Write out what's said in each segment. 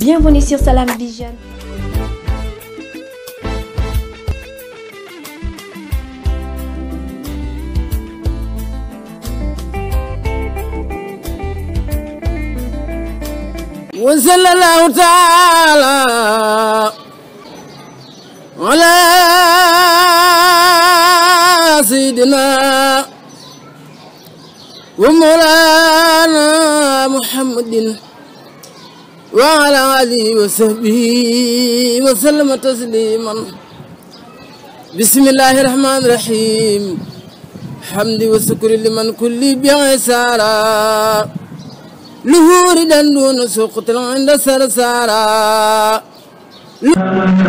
Bienvenue sur Salam Vision. وصلى الله تعالى على سيدنا ومولانا محمد وعلى آله وصحبه وسلم تسليما بسم الله الرحمن الرحيم حمد وشكر لمن كل بعسارا لهور دون سقط عند سرسارا Thank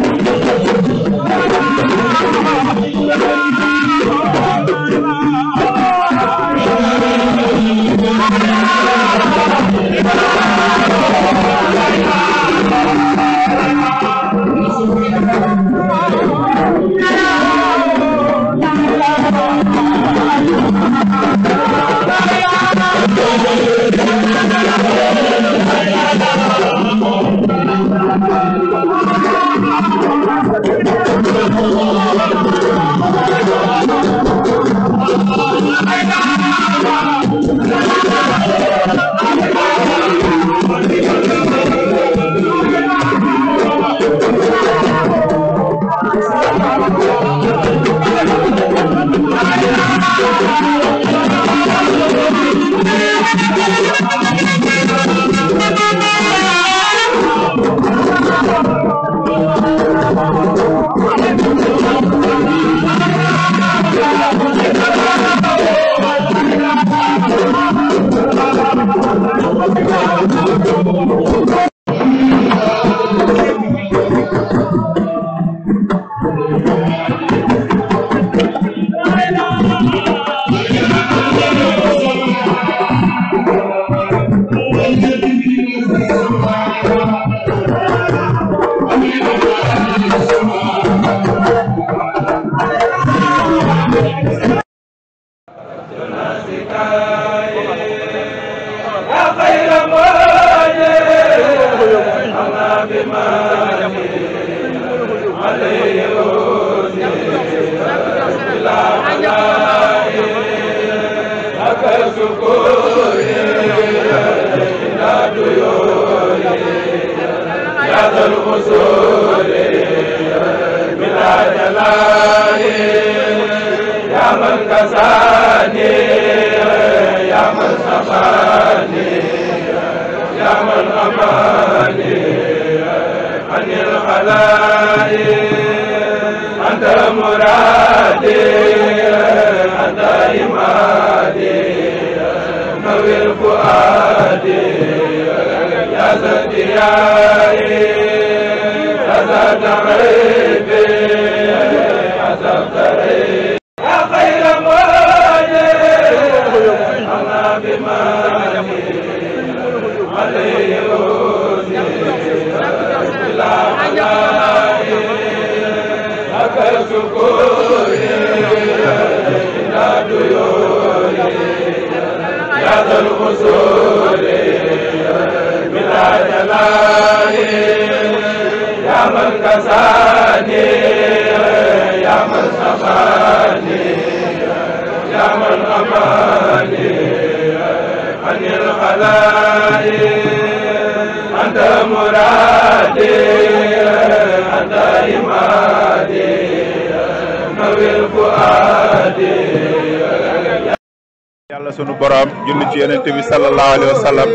yonent bi sallallahu alayhi wa sallam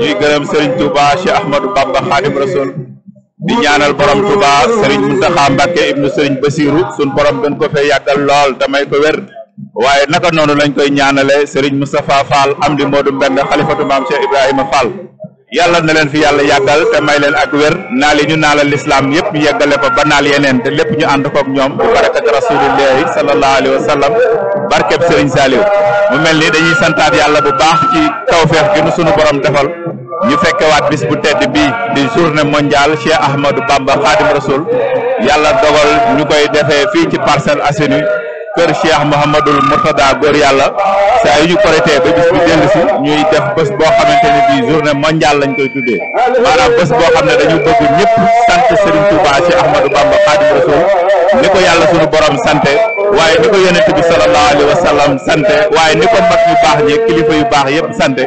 ñuy gërëm Serigne Touba Cheikh Ahmadou Bamba Khadim Rasoul di ñaanal borom Touba Serigne Mountakha Mbacké ibnu Serigne Bassirou sun borom gën ko fee yàggal lool damay ko wér waaye naka noonu lañ koy ñaanale Serigne Moustapha Fall am di Modou Mbend xalifatu maam Cheikh Ibrahima Fall yàlla na leen fi yàlla yàggal te may leen ak wér naal yi ñu naalal lislaam yëpp yeggale ko ba naal yeneen te lépp ñu ànd kook ñoom bi barakat rasulillahi sallallahu alayhi wa sallam barkeb Serigne mu mel ni dañuy santaat yàlla bu baax ci tawfeex gi nu sunu borom defal ñu fekkewaat bis bu tedd bii di journée mondiale Cheikh Ahmadou Bamba Khadim Rasoul yàlla dogal ñu koy defee fii ci Parcelles Assainies kër Cheikh Mouhamadul Mourtada góor yàlla saa yu ñu korité ba bis bi dellu si ñuy def bés boo xamante ne bii journée mondiale lañ koy tuddee maanaam bés boo xam ne dañu bëgg ñëpp sant Serigne Touba Cheikh Ahmadou Bamba Khadim Rasoul ni ko yàlla sunu borom sante waaye ni ko yonent bi sallallahu alayhi wa sallam sante waaye ni ko mag yu baax ñi kilifa yu baax yëpp sante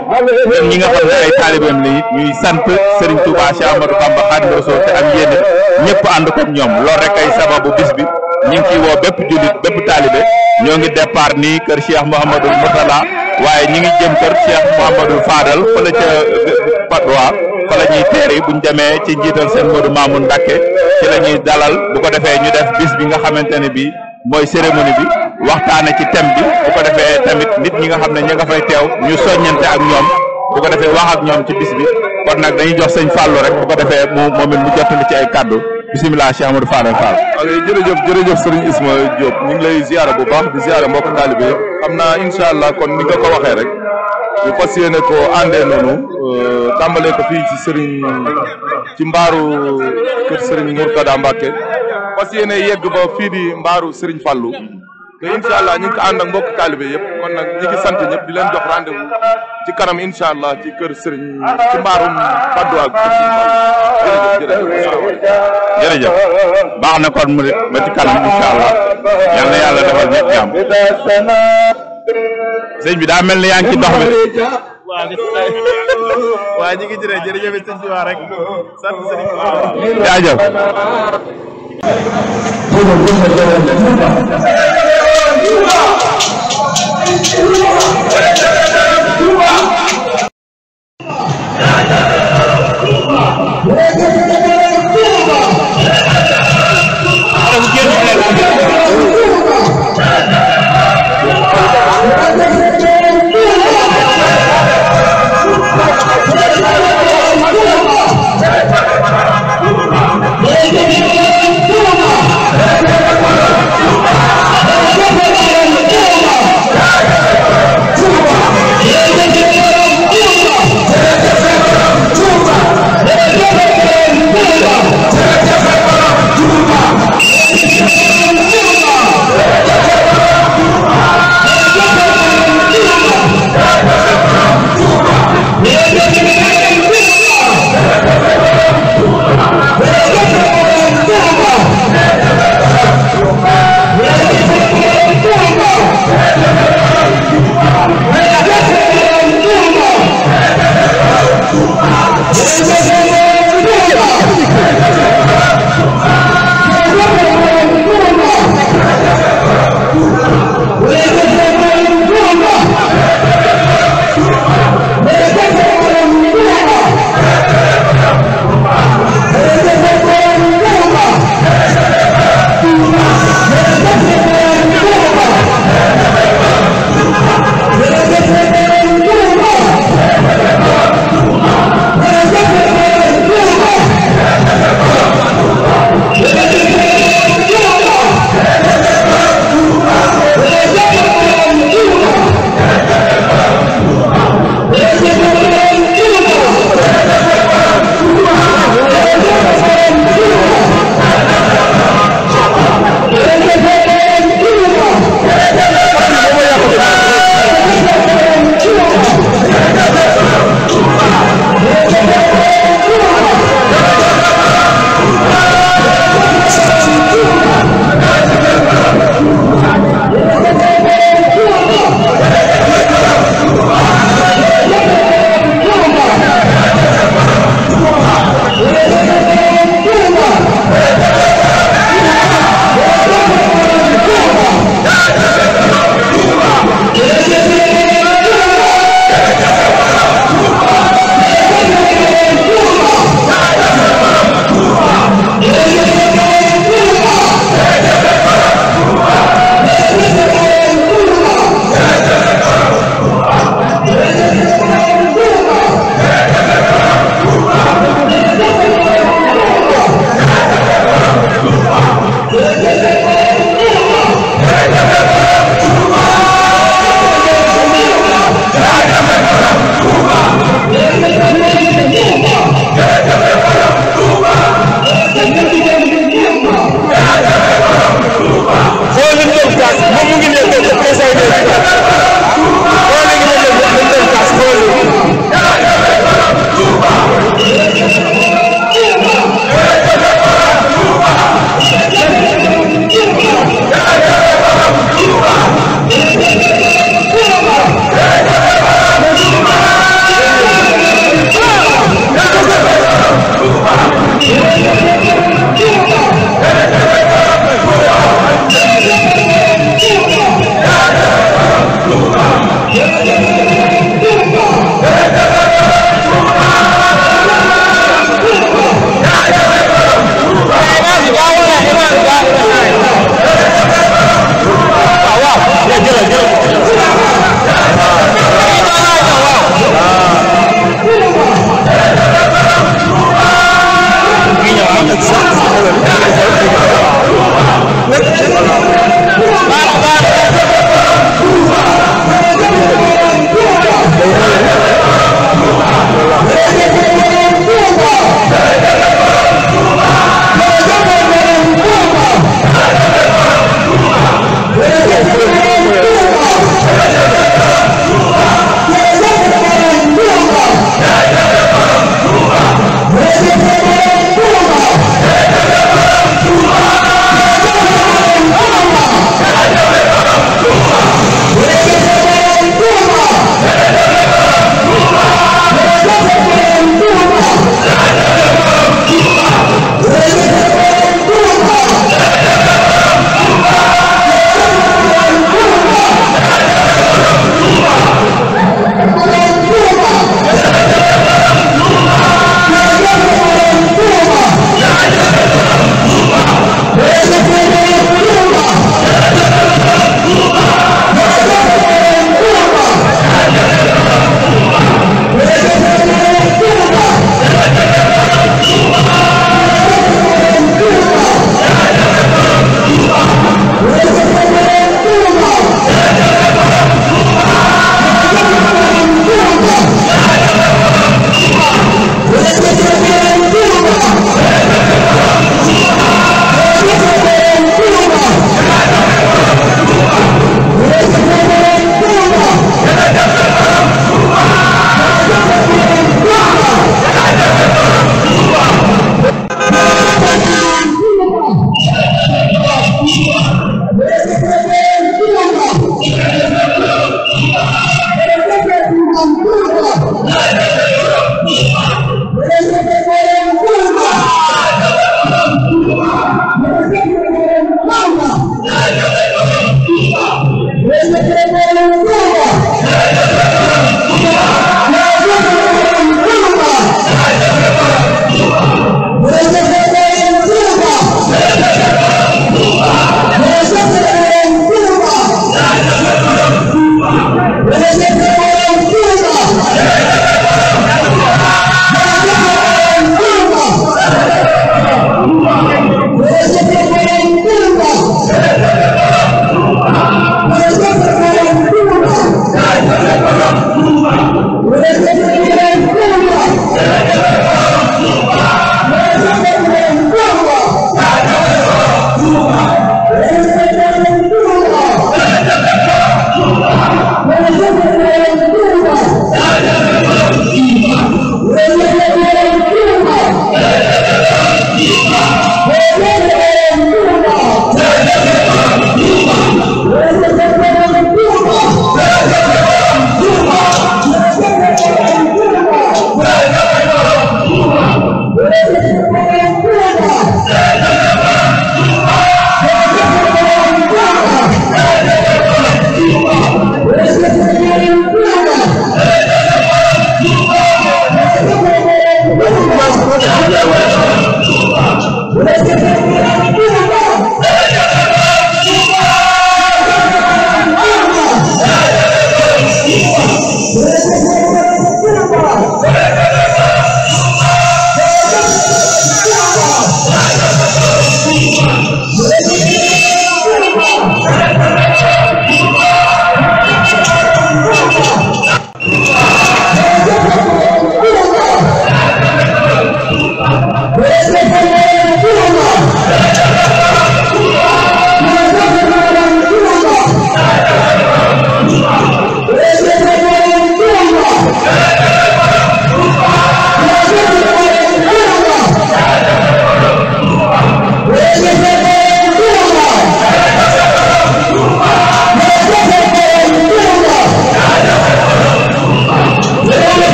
ñun ñi nga xam ne ay taalibeem la ñuy sant Serigne Touba Cheikh Amadou Bamba Khadimu Rasul te am yéene ñëpp ànd koog ñoom loolu rek ay sababu bis bi ñu ngi ciy woo bépp jullit bépp taalibe ñoo ngi départ nii kër Cheikh Mouhamadou Mourtala waaye ñi ngi jëm kër Cheikh Mouhamadou Fadal fële ca Padoa fa la ñuy teer yi buñ demee ci njiital seen Modou Mamoun Mbacké ci la dalal bu ko defee ñu def bis bi nga xamante ne bii mooy cérémonie bi waxtaane ci thème bi bu ko defee tamit nit ñi nga xam ne ña nga fay teew ñu soññante ak ñoom bu ko defee wax ak ñoom ci bis bi kon nag dañuy jox sëñ Fallou rek bu ko defee mu moom it mu jottali ci ay kàddu bisimilah Cheikh Amadou Fallou Fall. ok jërëjëf jërëjëf Serigne Isma Diop ñu ngi lay ziara bu baax di ziara mbokk taalibe yi xam naa incha allah kon ni nga ko waxee rek ñu fas yéene ko àndee noonu euh, tàmbalee ko fii ci Serigne ci mbaaru kër Serigne Mourtada Mbacke. fas yéene yegg ba fii di mbaaru Serigne Fallou te incha allah ñu ngi ko ànd ak mbokk taalibe yëpp kon nag ñi ngi sant ñëpp di leen jox rendez-vous ci kanam incha allah ci kër Serigne ci mbaarum Faddu ak jërëjëf jërëjëf baax na kon mu de ba ci kanam incha allah yal na yàlla defal ñëpp jàmm sëñ bi daa mel ni yaa ngi ci dox bi waa ñu ngi jërëjëf jërëjëf sëñ bi waa rek sant sëñ bi jaajëf Touba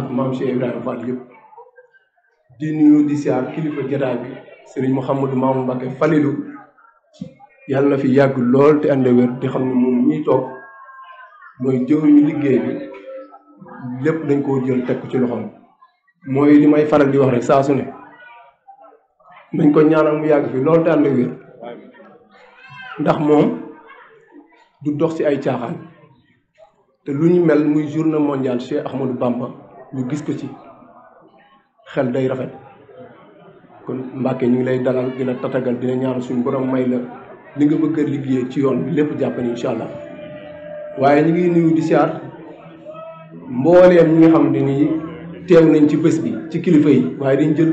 ak maam Cheikh Ibrahima Fall yëpp di nuyu di siyaar kilifa jataay bi sëriñ Mouhamadou Mamoun Mbacké Falilou yàlla na fi yàgg lool te ànd wér di xam ne moom ñuy toog mooy jëwriñu liggéey bi lépp dañ koo jël teg ci loxoom mooy li may faral di wax rek saa su ne nañ ko ñaanal mu yàgg fi lool te ànd wér ndax moom du dox ci ay caaxaan te lu ñu mel muy journée mondiale Cheikh Ahmadou Bamba ñu gis ko ci xel day rafet kon Mbàkke ñu ngi lay dalal di la tatagal dina ñaanal suñu borom may la li nga bëgg a liggéey ci yoon bi lépp jàppale incha allah waaye ñu ngi nuyu di siyaar mbooleem xam ne nii teew nañ ci bés bi ci kilifa yi waaye dañ jël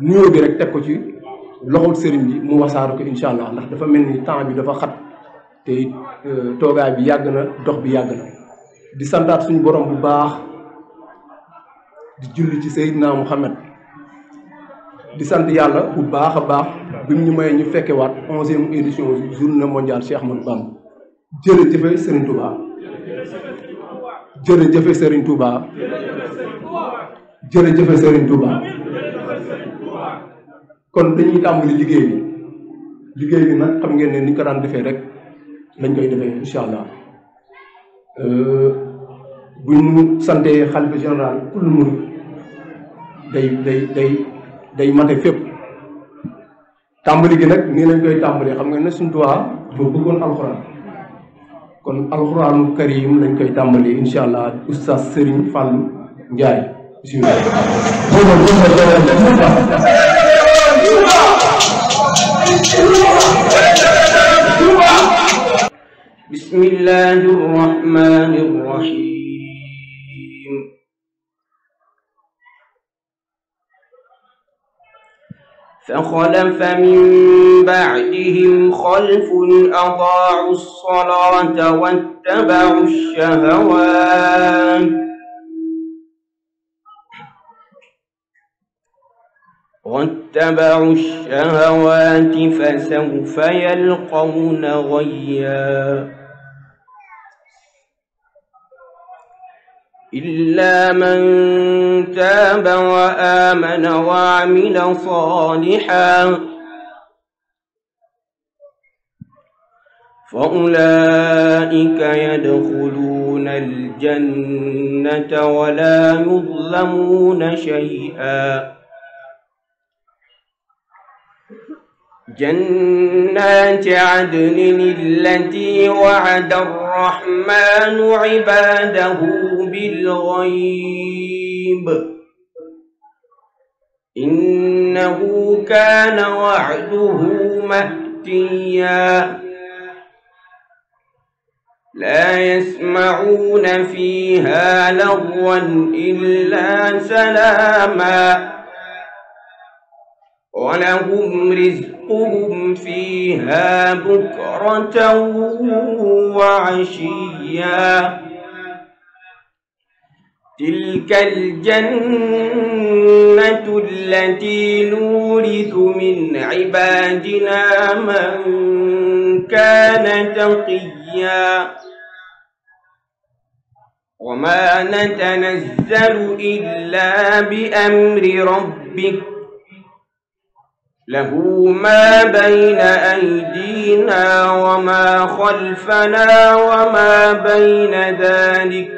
nuyoo bi rek teg ko ci loxol sëriñ bi mu wasaaru ko incha allah ndax dafa mel ni temps bi dafa xat te euh, toogaay bi yàgg na dox bi yàgg na di santaat suñu borom bu baax. di julli ci Seydina Mouhamed di sant yàlla bu baax a baax bu ñu may ñu fekke waat onzième édition journée mondiale Cheikh Ahmadou Bamba jërëjëfe Serigne Touba seriñ Serigne Touba jërëjëfe seriñ Touba kon dañuy tàmbali liggéey bi liggéey bi nag xam ngeen ne ni ko daan defee rek lañ koy defee incha allah euh, bu ñu santee xalifa général kullu murid day day day day mate fépp tàmbali gi nag nii lañ koy tàmbali xam nga ne suñu Tuubaa boo bëggoon alxuraan kon alxuraanu karim lañ koy tàmbali incha allah oustaz Serigne Fall Ndiaye bisimilah. bismillahi فخلف من بعدهم خلف أضاعوا الصلاة واتبعوا الشهوات واتبعوا الشهوات فسوف يلقون غيًّا إلا من تاب وآمن وعمل صالحا فأولئك يدخلون الجنة ولا يظلمون شيئا جنات عدن التي وعد الرحمن عباده بالغيب إنه كان وعده مأتيا لا يسمعون فيها لغوا إلا سلاما ولهم رزقهم فيها بكرة وعشيا تلك الجنة التي نورث من عبادنا من كان تقيا وما نتنزل إلا بأمر ربك له ما بين أيدينا وما خلفنا وما بين ذلك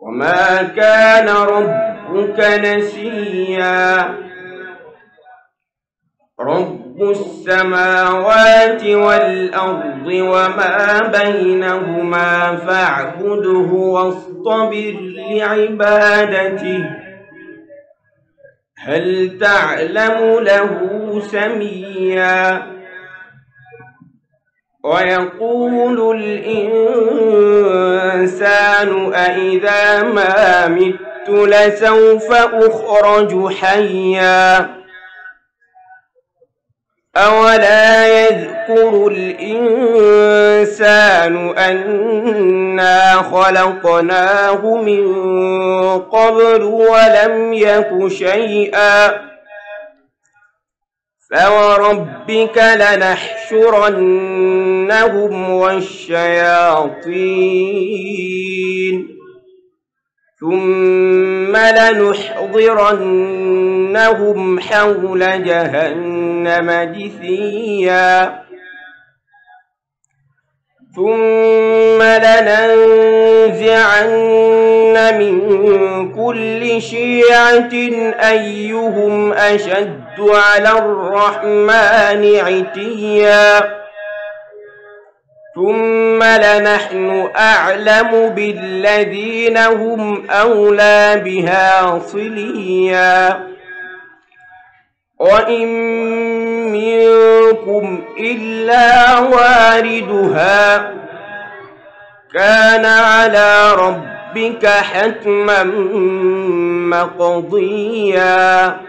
وما كان ربك نسيا رب السماوات والأرض وما بينهما فاعبده واصطبر لعبادته هل تعلم له سميا ويقول الإنسان أإذا ما مت لسوف أخرج حيا أولا يذكر الإنسان أنا خلقناه من قبل ولم يك شيئا فوربك لنحشرنهم والشياطين ثم لنحضرنهم حول جهنم جثيا ثم لننزعن من كل شيعة أيهم أشد على الرحمن عتيا ثم لنحن أعلم بالذين هم أولى بها صليا وإن منكم إلا واردها كان على ربك حتما مقضيا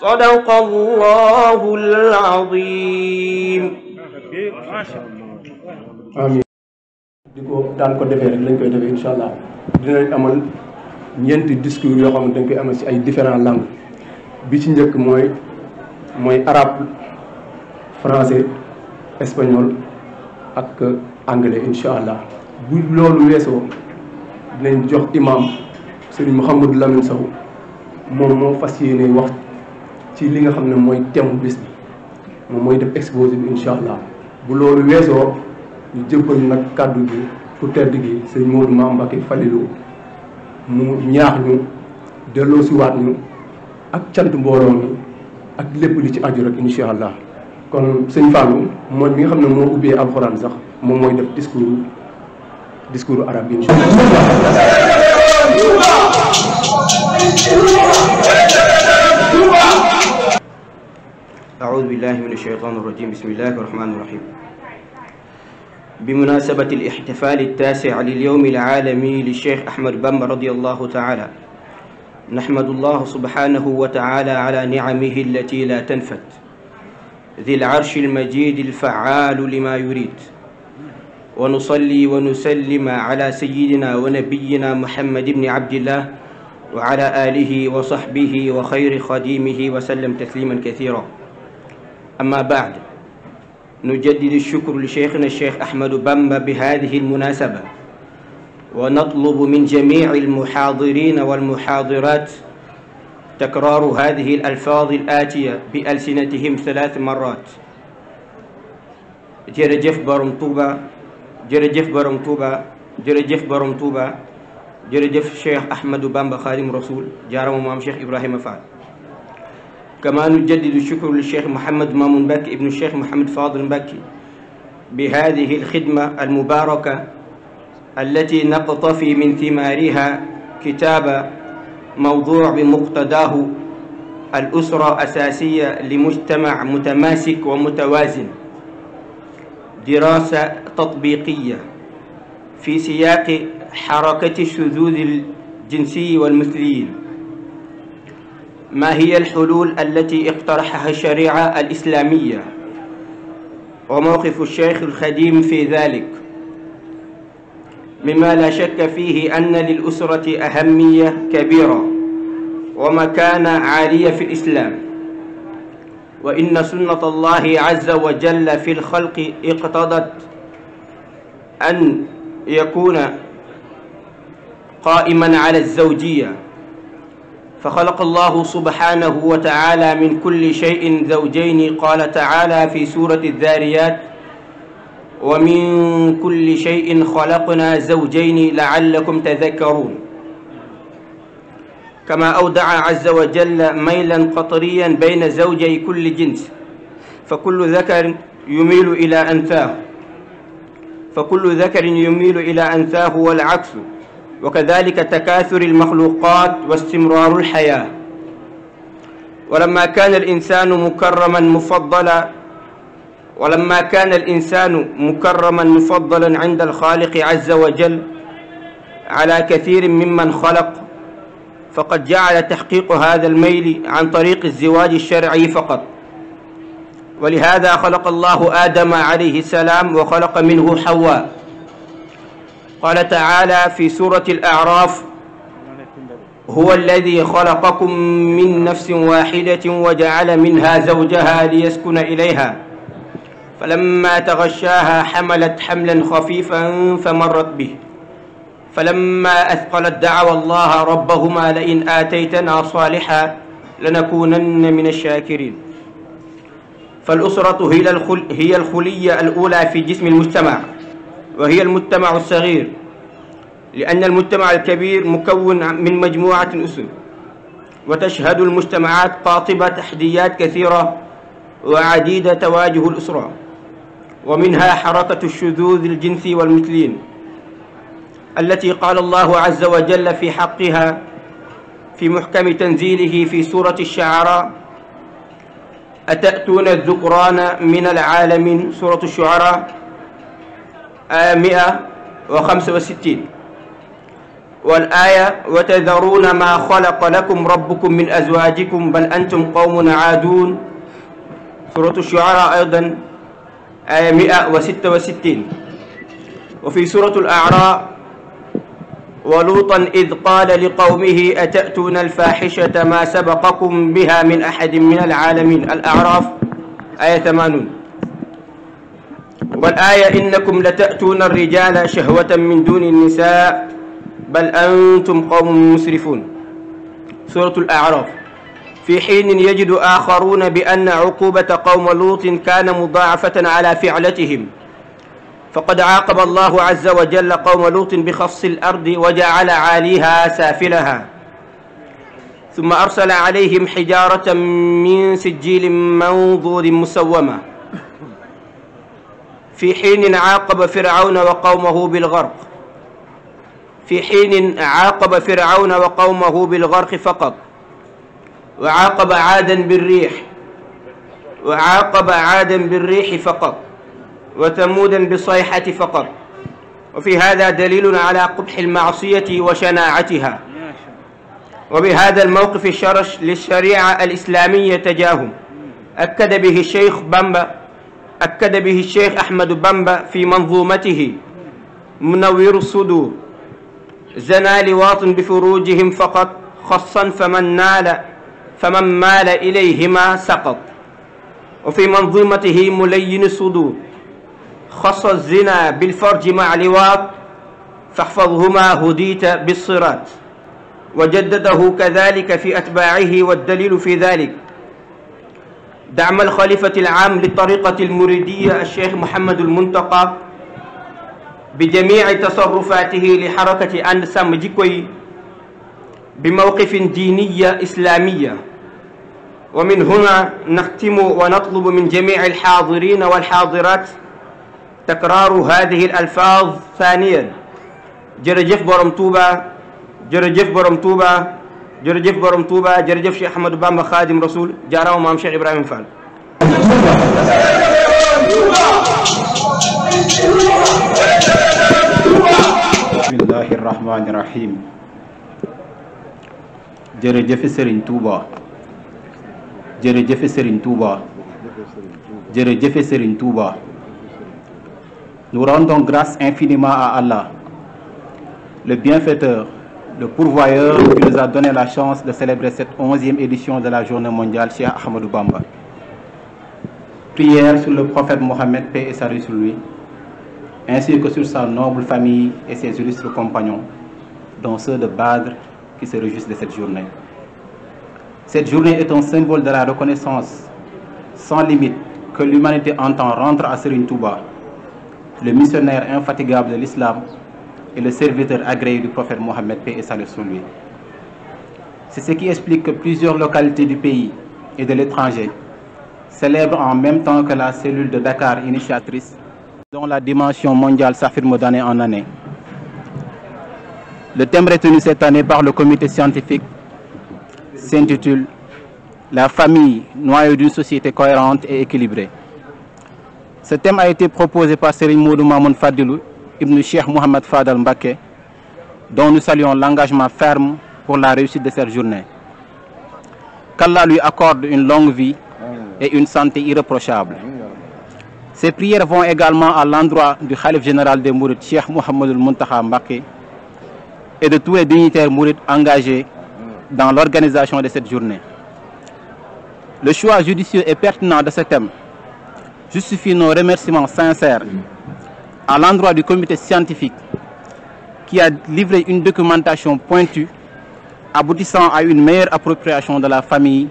صدق الله العظيم amiin di ko daan ko defee rek lañ koy defee incha allah dinañ amal ñeenti discours yoo xam ne dañ koy amal si ay différents langues bi ci njëkk mooy mooy arabe français espagnol ak anglais incha allah bu loolu weesoo dinañ jox imam sëriñ Mouhamadou Lamine Sow moom moo fas yéene wax ci li nga xam ne mooy thème bis moom mooy def exposé bi incha allah bu loolu weesoo ñu jébbal nag kàddu gi ku tedd gi sëñ Modou Mame Mbacké Falilou mu ñaax ñu delloosiwaat ñu ak cant mbooloo mi ak lépp li ci ajur rek incha allah kon sëñ Fallou mooy mi nga xam ne moo ubbee alxuraan sax moom mooy def discours discours arabe incha allah. aoudu billahi min acheytan arrajim bismillahi rahmani rahim بمناسبة الاحتفال التاسع لليوم العالمي للشيخ أحمد بامبا رضي الله تعالى نحمد الله سبحانه وتعالى على نعمه التي لا تنفت ذي العرش المجيد الفعال لما يريد ونصلي ونسلم على سيدنا ونبينا محمد بن عبد الله وعلى آله وصحبه وخير خديمه وسلم تسليما كثيرا أما بعد نجدد الشكر لشيخنا الشيخ أحمد بامبا بهذه المناسبة ونطلب من جميع المحاضرين والمحاضرات تكرار هذه الألفاظ الآتية بألسنتهم ثلاث مرات jërëjëf borom Touba jërëjëf borom Touba jërëjëf borom Touba jërëjëf Cheikh Ahmadou Bamba Khadim Rasoul jaarama maam Cheikh Ibrahima Fall كما نجدد الشكر للشيخ محمد مامون بكي ابن الشيخ محمد فاضل بكي بهذه الخدمة المباركة التي نقتفي من ثمارها كتاب موضوع بمقتضاه الأسرة أساسية لمجتمع متماسك ومتوازن دراسة تطبيقية في سياق حركة الشذوذ الجنسي والمثليين ما هي الحلول التي اقترحها الشريعة الإسلامية وموقف الشيخ الخديم في ذلك مما لا شك فيه أن للأسرة أهمية كبيرة ومكانة عالية في الإسلام وإن سنة الله عز وجل في الخلق اقتضت أن يكون قائما على الزوجية فخلق الله سبحانه وتعالى من كل شيء زوجين قال تعالى في سورة الذاريات ومن كل شيء خلقنا زوجين لعلكم تذكرون كما أودع عز وجل ميلا قطريا بين زوجي كل جنس فكل ذكر يميل إلى أنثاه فكل ذكر يميل إلى أنثاه والعكس wa kadalika takathur almaxluqat wa istimraru alxayaa wa lamma kaana alinsanu mukarraman mufadala wa lamma kaana alinsanu mukarraman mufadalan inda alxaaliqi azza wa jal ala kathirin mimman xalaq faqad jacala taxqiqu hada almayli an tariqi alziwaji alsharciyi faqat wa lihada xalaqa allahu aadama alayhi salaam wa xalaqa minhu xawaa قال تعالى في سورة الأعراف هو الذي خلقكم من نفس واحدة وجعل منها زوجها ليسكن إليها فلما تغشاها حملت حملا خفيفا فمرت به فلما أثقلت دعوا الله ربهما لئن آتيتنا صالحا لنكونن من الشاكرين فالأسرة هي الخلية الأولى في جسم المجتمع وهي المجتمع الصغير لأن المجتمع الكبير مكون من مجموعة أسر وتشهد المجتمعات قاطبة تحديات كثيرة وعديدة تواجه الأسرة ومنها حركة الشذوذ الجنسي والمثلين التي قال الله عز وجل في حقها في محكم تنزيله في سورة الشعراء أتأتون الذكران من العالمين سورة الشعراء آية 165 والآية وتذرون ما خلق لكم ربكم من أزواجكم بل أنتم قوم عادون سورة الشعراء أيضا آية 166 وفي سورة الأعراء ولوطا إذ قال لقومه أتأتون الفاحشة ما سبقكم بها من أحد من العالمين الأعراف آية 80 والآية إنكم لتأتون الرجال شهوة من دون النساء بل أنتم قوم مسرفون سورة الأعراف في حين يجد آخرون بأن عقوبة قوم لوط كان مضاعفة على فعلتهم فقد عاقب الله عز وجل قوم لوط بخفص الأرض وجعل عاليها سافلها ثم أرسل عليهم حجارة من سجيل منظور مسومة في حين عاقب فرعون وقومه بالغرق في حين عاقب فرعون وقومه بالغرق فقط وعاقب عادا بالريح وعاقب عادا بالريح فقط وثمودا بالصيحة فقط وفي هذا دليل على قبح المعصية وشناعتها وبهذا الموقف الشرش للشريعة الإسلامية تجاههم أكد به الشيخ بامبا أكد به الشيخ أحمد بامبا في منظومته منور الصدور زنا لواط بفروجهم فقط خصا فمن نال فمن مال إليهما سقط وفي منظومته ملين الصدور خص الزنا بالفرج مع لواط فاحفظهما هديت بالصراط وجدده كذلك في أتباعه والدليل في ذلك دعم الخليفة العام للطريقة المريدية الشيخ محمد المنتقى بجميع تصرفاته لحركة أن سام جيكوي بموقف ديني إسلامية ومن هنا نختم ونطلب من جميع الحاضرين والحاضرات تكرار هذه الألفاظ ثانيا jërëjëf borom Touba jërëjëf borom Touba jërëjëf borom Touba jërëjëf Cheikh Ahmadou Bamba Khadim Rasoul jaaraama maam Cheikh Ibrahima Fall. bismillahi rahmaani rahim. jërëjëf Serigne Touba. jërëjëf Serigne Touba. jërëjëf Serigne Touba. nous rendons grâce infiniment à Allah, le pourvoyeur qui nous a donné la chance de célébrer cette onzième édition de la journée mondiale Cheikh Ahmadou Bamba. Prière sur le prophète Mohammed, paix et salut sur lui, ainsi que sur sa noble famille et ses illustres compagnons, dont ceux de Badr qui se réjouissent de cette journée. Cette journée est un symbole de la reconnaissance sans limite que l'humanité entend rendre à Serigne Touba, le missionnaire infatigable de l'islam et le serviteur agréé du prophète Mohammed, paix et salut sur lui. C'est ce qui explique que plusieurs localités du pays et de l'étranger célèbrent en même temps que la cellule de Dakar initiatrice, dont la dimension mondiale s'affirme d'année en année. Le thème retenu cette année par le comité scientifique s'intitule La famille, noyau d'une société cohérente et équilibrée. Ce thème a été proposé par Serigne Modou Mamoun Ibn Cheikh Mohamed Fadal Mbake, dont nous saluons l'engagement ferme pour la réussite de cette journée. Qu'Allah lui accorde une longue vie et une santé irréprochable. Ces prières vont également à l'endroit du Khalif général des Mourides, Cheikh Mohamed Muntaha Mbake, et de tous les dignitaires mourides engagés dans l'organisation de cette journée. Le choix judicieux et pertinent de ce thème justifie nos remerciements sincères à l'endroit du comité scientifique qui a livré une documentation pointue aboutissant à une meilleure appropriation de la famille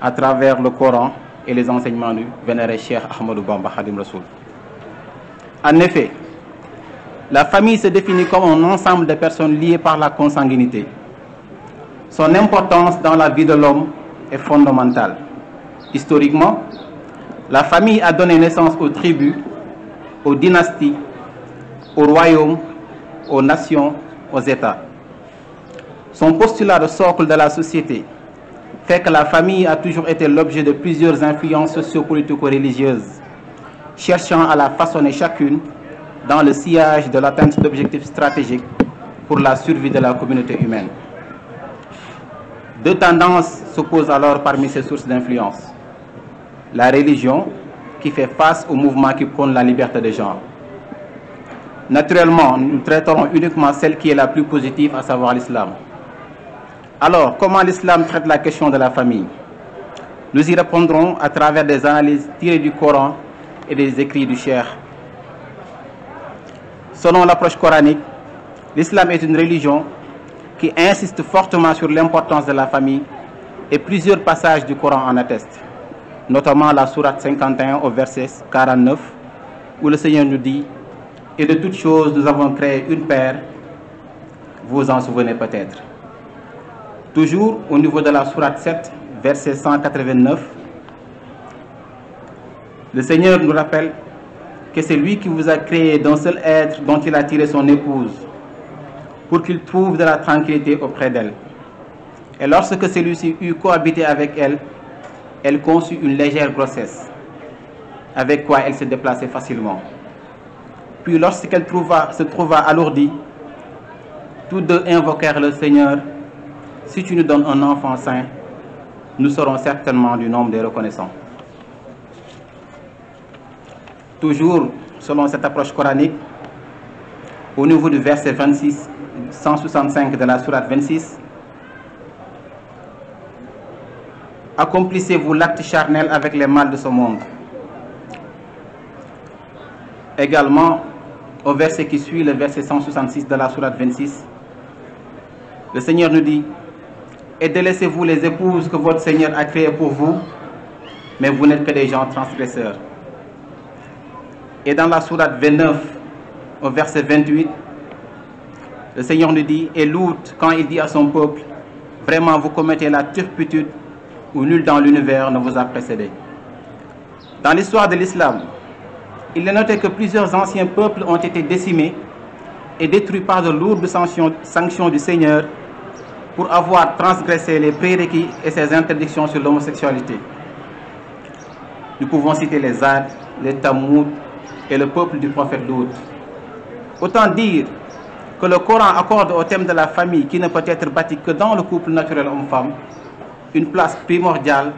à travers le Coran et les enseignements du vénéré Cheikh Ahmadou Bamba Khadim Rassoul. En effet, la famille se définit comme un ensemble de personnes liées par la consanguinité. Son importance dans la vie de l'homme est fondamentale. Historiquement, la famille a donné naissance aux tribus, aux dynasties, aux royaumes, aux nations, aux États. Son postulat de socle de la société fait que la famille a toujours été l'objet de plusieurs influences sociopolitico-religieuses, cherchant à la façonner chacune dans le sillage de l'atteinte d'objectifs stratégiques pour la survie de la communauté humaine. Deux tendances s'opposent alors parmi ces sources d'influence. La religion, qui fait face au mouvement qui prône la liberté de genre, Naturellement, nous traiterons uniquement la plus positive, à savoir l'islam. Alors, comment l'islam traite la question de la famille? Nous y répondrons à travers des analyses tirées Coran et des écrits du Cheikh. Selon l'approche coranique, l'islam est une religion qui insiste fortement sur l'importance de la famille et plusieurs passages du Coran en attestent, la sourate 51 au verset 49 où le Seigneur nous dit Et de toutes choses, nous avons créé une niveau de la sourate 7, verset 189, le Seigneur nous rappelle que c'est lui qui vous a créé d'un seul être pour qu'il trouve de la tranquillité auprès d'elle. Et lorsque celui-ci eut cohabité avec elle, elle conçut quoi elle se déplaçait Puis lorsqu'elle se trouva alourdie, tous deux invoquèrent le Seigneur. Si tu nous donnes un enfant saint, nous serons certainement du nombre des reconnaissants. Toujours selon cette approche coranique, au niveau du verset 26, 165 de la sourate 26, accomplissez-vous l'acte charnel avec les de ce monde. également au verset qui suit, le verset 166 de la sourate 26. Le Seigneur nous dit, et délaissez les épouses que votre mais vous n'êtes que des gens dans la sourate 29, au verset 28, le Seigneur nous dit, et Lout, vraiment vous commettez la turpitude où dans l'univers ne vous a précédé. de l'islam, il est noté que plusieurs anciens peuples ont été décimés et détruits par de lourdes sanctions, sanctions du Seigneur pour avoir transgressé les prérequis et ses interdictions sur l'homosexualité. Nous pouvons citer les Ad, les Tamoud et le peuple du prophète Lout. Autant dire que le Coran accorde au thème de la famille qui ne peut être bâti que dans le couple naturel homme-femme une place primordiale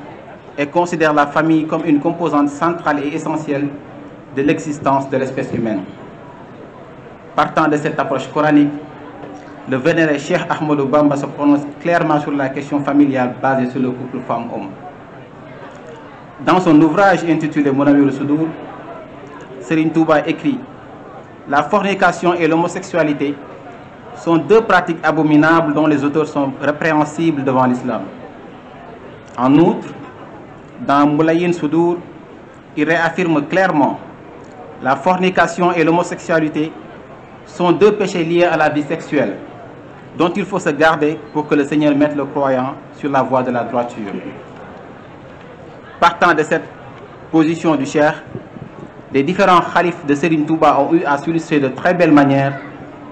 et considère la famille comme une composante centrale et essentielle de l'existence de l'espèce humaine. Partant de cette approche coranique, le vénéré Cheikh Ahmadou Bamba se prononce clairement sur la question familiale basée sur le couple femme-homme. Dans son ouvrage intitulé Mon ami Soudour, écrit La fornication et l'homosexualité sont deux pratiques abominables dont les auteurs sont répréhensibles devant l'islam. En outre, dans Moulayin Soudour, il réaffirme clairement la fornication et l'homosexualité sont deux péchés liés à la vie sexuelle, dont il faut se garder pour que le Seigneur mette le croyant sur la voie de la droiture. Partant de cette position du cher, les différents khalifs de Selim Touba ont eu à s'illustrer de très belle manière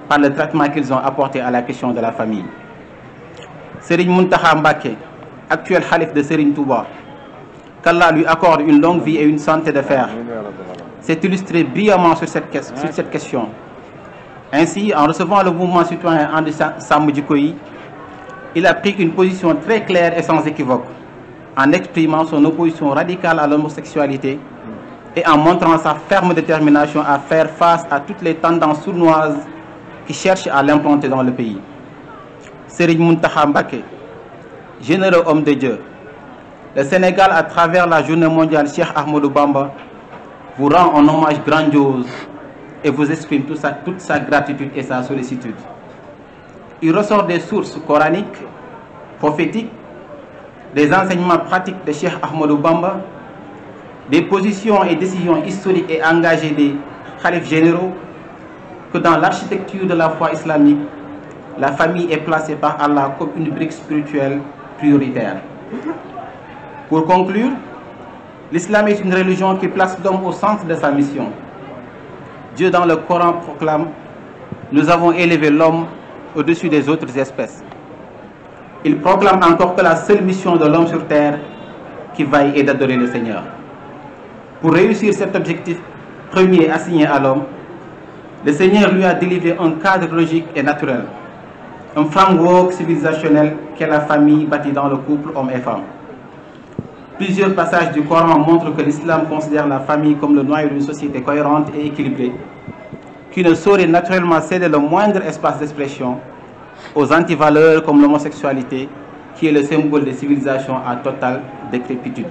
par le traitement qu'ils ont apporté à la question de la famille. Serigne Muntaha Mbake, actuel khalif de Serigne Touba, qu'Allah lui accorde une longue vie et une santé de fer. s'est illustré brillamment sur cette, sur cette question. Ainsi, en recevant le mouvement citoyen André Samudjikoyi, il a pris une position très claire et sans équivoque, en exprimant son opposition radicale à l'homosexualité et en montrant sa ferme détermination à faire face à toutes les tendances sournoises qui cherchent à l'implanter dans le pays. Serine Muntaha Mbake, généreux homme de Dieu, le Sénégal, à travers la Journée mondiale Cheikh Ahmadou Bamba, vous rend un hommage grandiose et vous exprime toute sa, toute sa gratitude et sa sollicitude. Il ressort des sources coraniques, prophétiques, des enseignements pratiques de Cheikh Ahmadou Bamba, des positions et décisions historiques et engagées des khalifes généraux, que dans l'architecture de la foi islamique, la famille est placée par Allah comme une brique spirituelle prioritaire. Pour conclure, L'islam est une religion qui place l'homme au centre de sa mission. Dieu dans le Coran proclame, nous avons élevé l'homme au-dessus des autres espèces. Il proclame encore que la seule mission de l'homme sur terre qui vaille est d'adorer le Seigneur. Pour réussir cet objectif premier assigné à l'homme, le Seigneur lui a délivré un cadre logique et naturel, un framework civilisationnel qu'est la famille bâtie dans le couple homme et femme. Plusieurs passages du Coran montrent que l'islam considère la famille comme le noyau d'une société cohérente et équilibrée, qui ne saurait naturellement céder le moindre espace d'expression aux antivaleurs comme l'homosexualité, qui est le symbole de civilisations à totale décrépitude.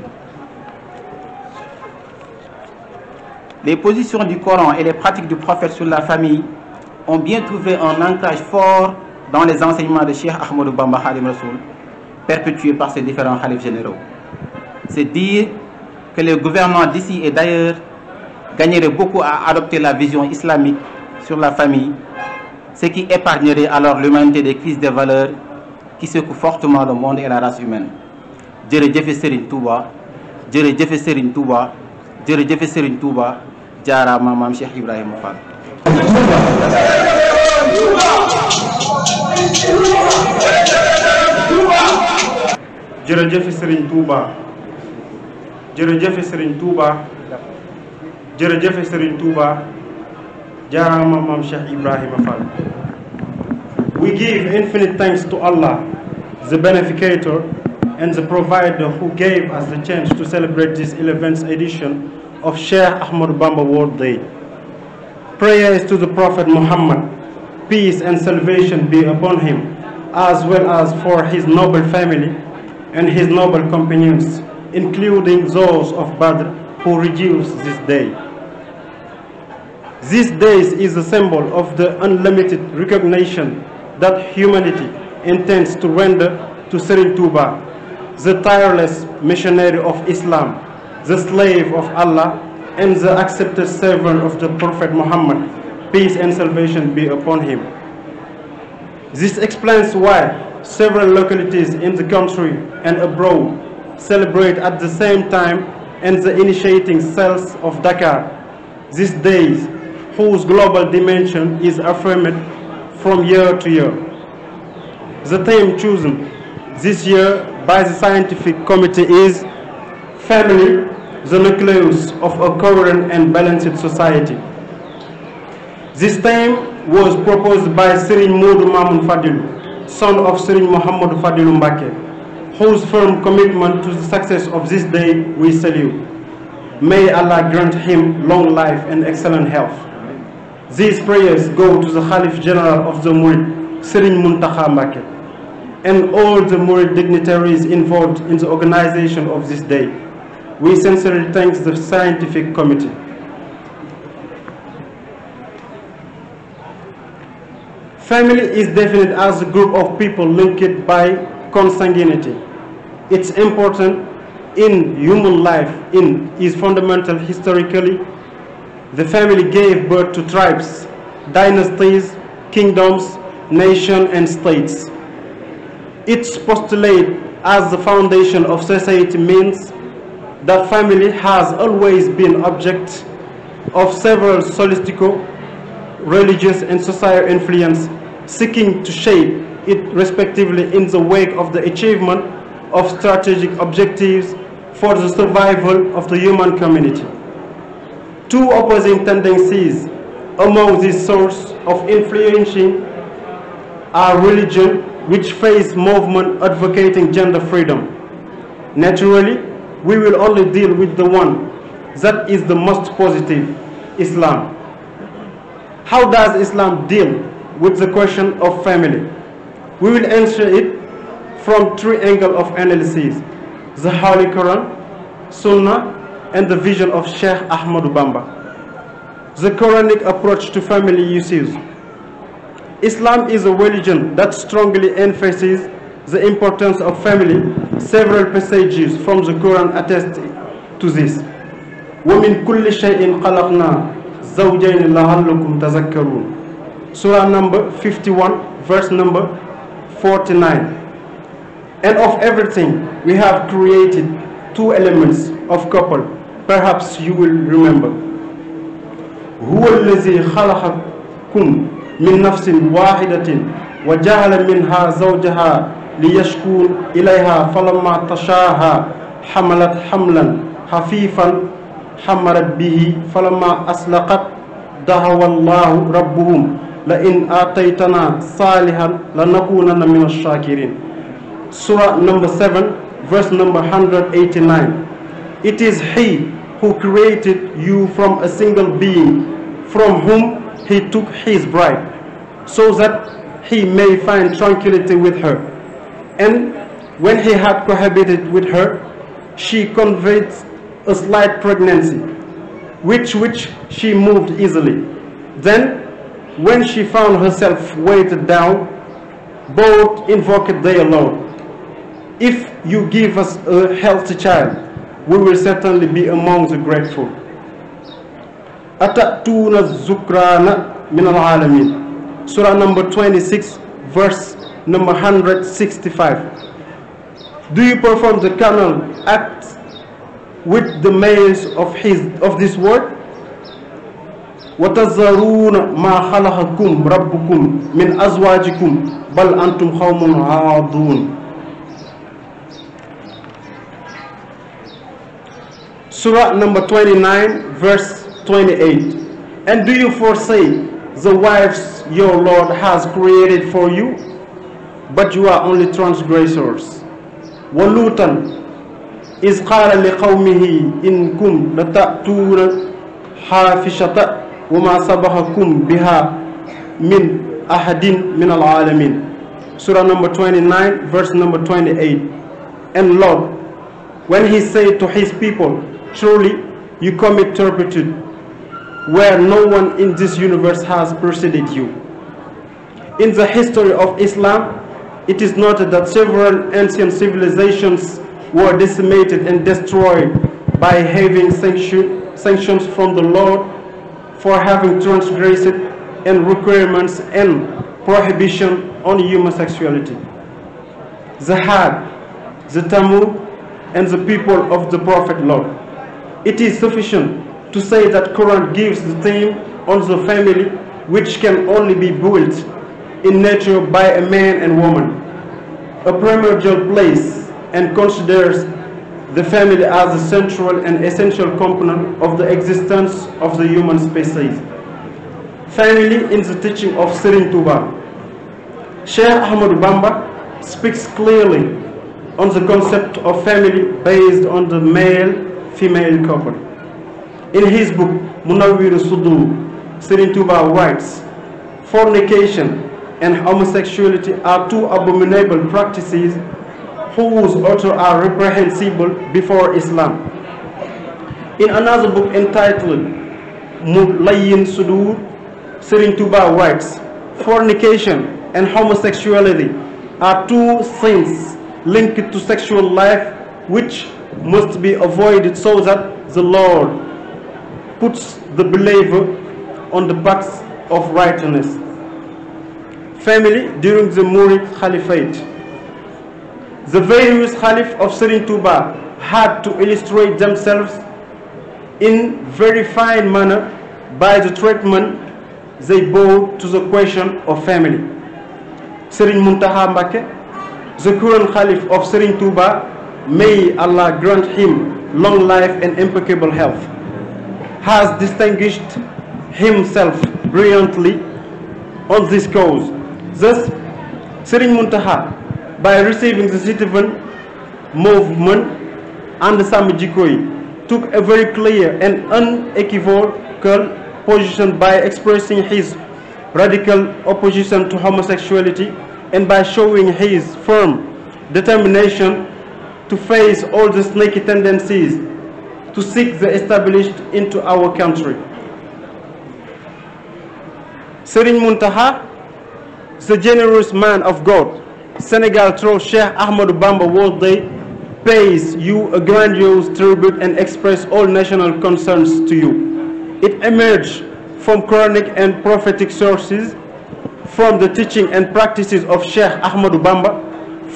Les positions du Coran et les pratiques du prophète sur la famille ont bien trouvé un ancrage fort dans les enseignements de Cheikh Ahmadou Bamba Khadim Rassoul, perpétués par ses différents khalifes généraux. C'est dire que les gouvernements d'ici et d'ailleurs gagneraient beaucoup à adopter la vision islamique sur la famille, ce qui épargnerait alors l'humanité des crises des valeurs qui secouent fortement le monde et la race humaine. jërëjëf Serigne Touba jërëjëf Serigne Touba jërëjëf Serigne Touba jaaraama maam Cheikh Ibrahima Fall. jërëjëf Serigne jërëjëfe sëriñ Touba jërëjëfe sëriñ Touba jaaraama maam Cheikh Ibrahima Fall. We give infinite thanks to Allah, the beneficator and the provider who gave us the chance to celebrate this 11th edition of Sheikh Ahmad Bamba World Day. Prayers to the Prophet Muhammad, peace and salvation be upon him, as well as for his noble family and his noble companions. including those of Badr who reduce this day. This day is a symbol of the unlimited recognition that humanity intends to render to Serigne Touba, the tireless missionary of Islam, the slave of Allah, and the accepted servant of the Prophet Muhammad, peace and salvation be upon him. This explains why several localities in the country and abroad celebrate at the same time and the initiating cells of Dakar these days whose global dimension is affirmed from year to year. The theme chosen this year by the scientific committee is Family, the nucleus of a coherent and balanced society. This theme was proposed by Serigne Modou Mamoun Fadilu, son of Serigne Mohamed Fadilu whose firm commitment to the success of this day we salute. May Allah grant him long life and excellent health. These prayers go to the Khalif General of the Murid, Serigne Muntakha Mbake, and all the Murid dignitaries involved in the organization of this day. We sincerely thank the scientific committee. Family is defined as a group of people linked by consanguinity It's important in human life in is fundamental historically. The family gave birth to tribes, dynasties, kingdoms, nations, and states. Its postulate as the foundation of society means that family has always been object of several solistical, religious, and societal influence seeking to shape it respectively in the wake of the achievement of strategic objectives for the survival of the human community. Two opposing tendencies among these sources of influencing are religion, which face movement advocating gender freedom. Naturally, we will only deal with the one that is the most positive, Islam. How does Islam deal with the question of family? We will answer it from three angles of analysis, the Holy Quran, Sunnah, and the vision of Sheikh Ahmadu Bamba. The Quranic approach to family issues. Islam is a religion that strongly emphasizes the importance of family. Several passages from the Quran attest to this. وَمِن كُلِّ شَيْءٍ خَلَقْنَا زَوْجَيْنِ لَعَلَّكُمْ تَذَكَّرُونَ Surah number 51, verse number And of everything, we have created two elements of couple. Perhaps you will remember. هو الذي خلقكم من نفس واحدة وجعل منها زوجها ليشكون إليها فلما تشاها حملت حملا خفيفا حملت به فلما أسلقت دعوا الله ربهم لئن آتيتنا صالحا لنكونن من الشاكرين Surah number 7, verse number 189. It is He who created you from a single being, from whom He took His bride, so that He may find tranquility with her. And when He had cohabited with her, she conveyed a slight pregnancy, which which she moved easily. Then, when she found herself weighted down, both invoked their Lord If you give us a healthy child, we will certainly be among the grateful. Atatuna Zukrana Minal Alamin. Surah number 26, verse number 165. Do you perform the canon act with the males of his of this world? وتذرون ما خلقكم ربكم من أزواجكم بل أنتم قوم عادون Surah number 29, verse 28. And do you forsake the wives your Lord has created for you? But you are only transgressors. وَلُوطًا إِذْ قَالَ لِقَوْمِهِ إِن كُمْ لَتَأْتُونَ حَافِشَةً وَمَا سَبَقَكُمْ بِهَا min ahadin min al-alamin surah number 29 verse number 28 and lord when he said to his people Truly, you commit turpitude where no one in this universe has preceded you. In the history of Islam, it is noted that several ancient civilizations were decimated and destroyed by having sanctions from the Lord for having transgressed and requirements and prohibition on homosexuality. The Had, the Tamu, and the people of the Prophet Lord. it is sufficient to say that Quran gives the theme on the family which can only be built in nature by a man and woman, a primordial place, and considers the family as a central and essential component of the existence of the human species. Family in the teaching of Sirin Sheikh Ahmad speaks clearly on the concept of family based on the male female couple. In his book, Munawwir Sudur, Sirin Tuba fornication and homosexuality are two abominable practices whose authors are reprehensible before Islam. In another book entitled Mulayin Sudur, Sirin Tuba fornication and homosexuality are two sins linked to sexual life must be avoided so that the Lord puts the believer on the path of righteousness. Family during the Murid Caliphate. The various Caliphs of Serigne Touba had to illustrate themselves in very fine manner by the treatment they bore to the question of family. Serigne Mountakha Mbacké, the current Caliph of Serigne Touba, may Allah grant him long life and impeccable health, has distinguished himself brilliantly on this cause. Thus, Sering Muntaha, by receiving the citizen movement and the Samijikoi, took a very clear and unequivocal position by expressing his radical opposition to homosexuality and by showing his firm determination to face all the snaky tendencies to seek the established into our country. Serigne Muntaha, the generous man of God, Senegal through Sheikh Ahmadou Bamba World Day pays you a grandiose tribute and express all national concerns to you. It emerged from Quranic and prophetic sources, from the teaching and practices of Sheikh Ahmadou Bamba,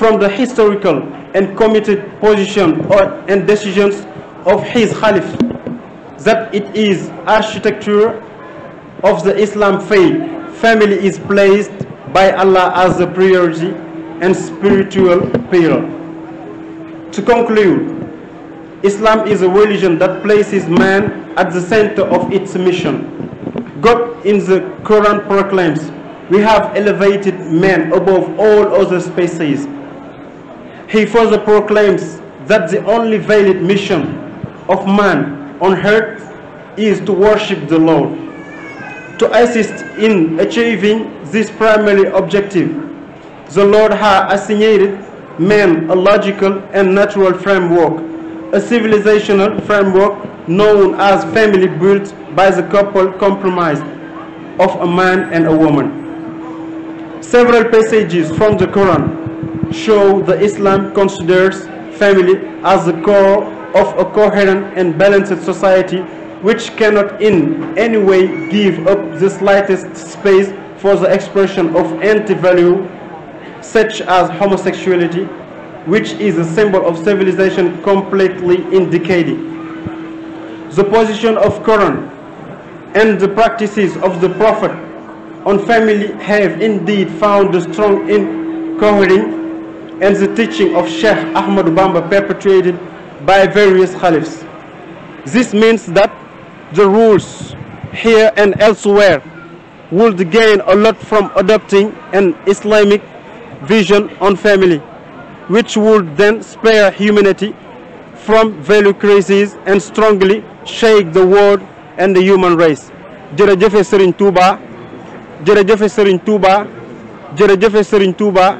from the historical and committed position or, and decisions of his Caliph that it is architecture of the Islam faith. Family is placed by Allah as the priority and spiritual pillar. To conclude, Islam is a religion that places man at the center of its mission. God in the Quran proclaims, we have elevated man above all other species He further proclaims that the only valid mission of man on earth is to worship the Lord. To assist in achieving this primary objective, the Lord has assigned man a logical and natural framework, a civilizational framework known as family built by the couple compromise of a man and a woman. Several passages from the Quran show that Islam considers family as the core of a coherent and balanced society which cannot in any way give up the slightest space for the expression of anti-value such as homosexuality, which is a symbol of civilization completely in The position of Quran and the practices of the Prophet on family have indeed found a strong incoherence and the teaching of Sheikh Ahmad Bamba perpetrated by various caliphs. This means that the rules here and elsewhere would gain a lot from adopting an Islamic vision on family, which would then spare humanity from value crises and strongly shake the world and the human race. jërëjëfe Serigne Touba jërëjëfe Serigne Touba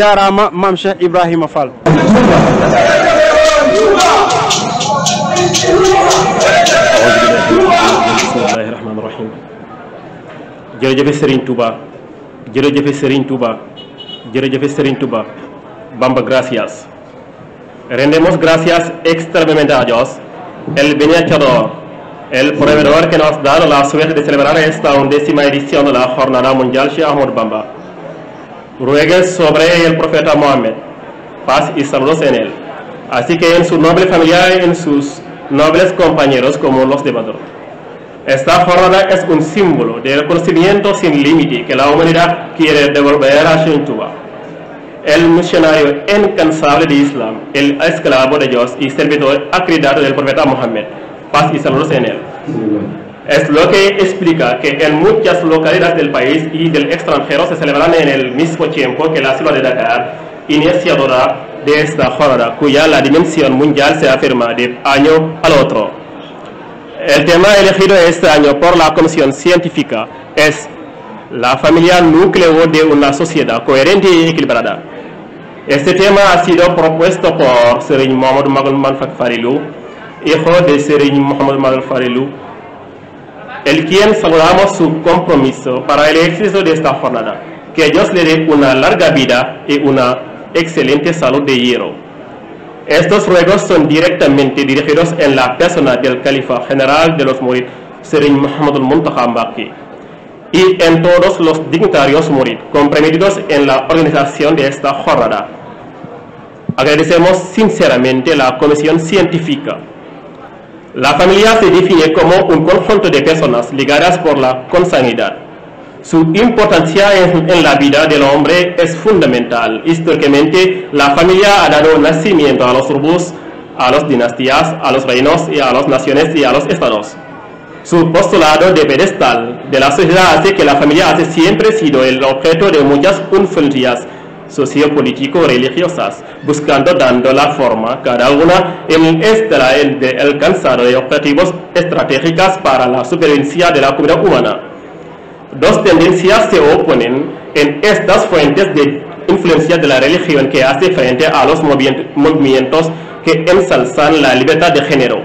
jaaraama maam Cheikh Ibrahima Fall. bismillaahi rahmaani rahiim jërëjëfe Serigne Touba jërëjëfe Serigne Touba jërëjëfe Serigne Touba Bamba gracias rendemos gracias extremadamente a Dios el Beñachador el proveedor que nos da la suerte de celebrar esta undécima edición de la jornada mundial Cheikh Ahmadou Bamba ruegue sobre el profeta Mohammed, paz y saludos en él, así que en su noble familia en sus nobles compañeros como los de Badr. Esta jornada es un símbolo del conocimiento sin límite que la humanidad quiere devolver a Shintua. El misionario incansable de Islam, el esclavo de Dios y servidor acreditado del profeta Mohammed, paz y saludos en él. Es lo que explica que en muchas localidades del país y del extranjero se celebran en el mismo tiempo que la ciudad de Dakar, iniciadora de esta jornada, cuya la dimensión mundial se afirma de año al otro. El tema elegido este año por la Comisión Científica es la familia núcleo de una sociedad coherente y equilibrada. Este tema ha sido propuesto por Serigne Mohamed Magal Farilu, hijo de Serigne Mohamed Magal Farilu, Elkiyen sangrama su compromiso para el éxito de esta jornada. Que Dios le dé una larga vida y una excelente salud de hierro. Estos ruegos son directamente dirigidos en la persona del califa general de los Murid, Serigne Mohammed Muntaqa y en todos los dignitarios Murid comprometidos en la organización de esta jornada. Agradecemos sinceramente la comisión científica La familia se define como un conjunto de personas ligadas por la consanguinidad. Su importancia en, la vida del hombre es fundamental. Históricamente, la familia ha dado nacimiento a los tribus, a las dinastías, a los reinos a las naciones y a los estados. Su postulado de pedestal de la sociedad hace que la familia haya siempre sido el objeto de muchas influencias sociopolitico-religiosas, buscando dando la forma cada una en esta de objetivos estratégicos para la supervivencia de la comunidad humana. Dos tendencias se oponen en estas fuentes de influencia de la religión que hace frente a los movimientos que ensalzan la libertad de género.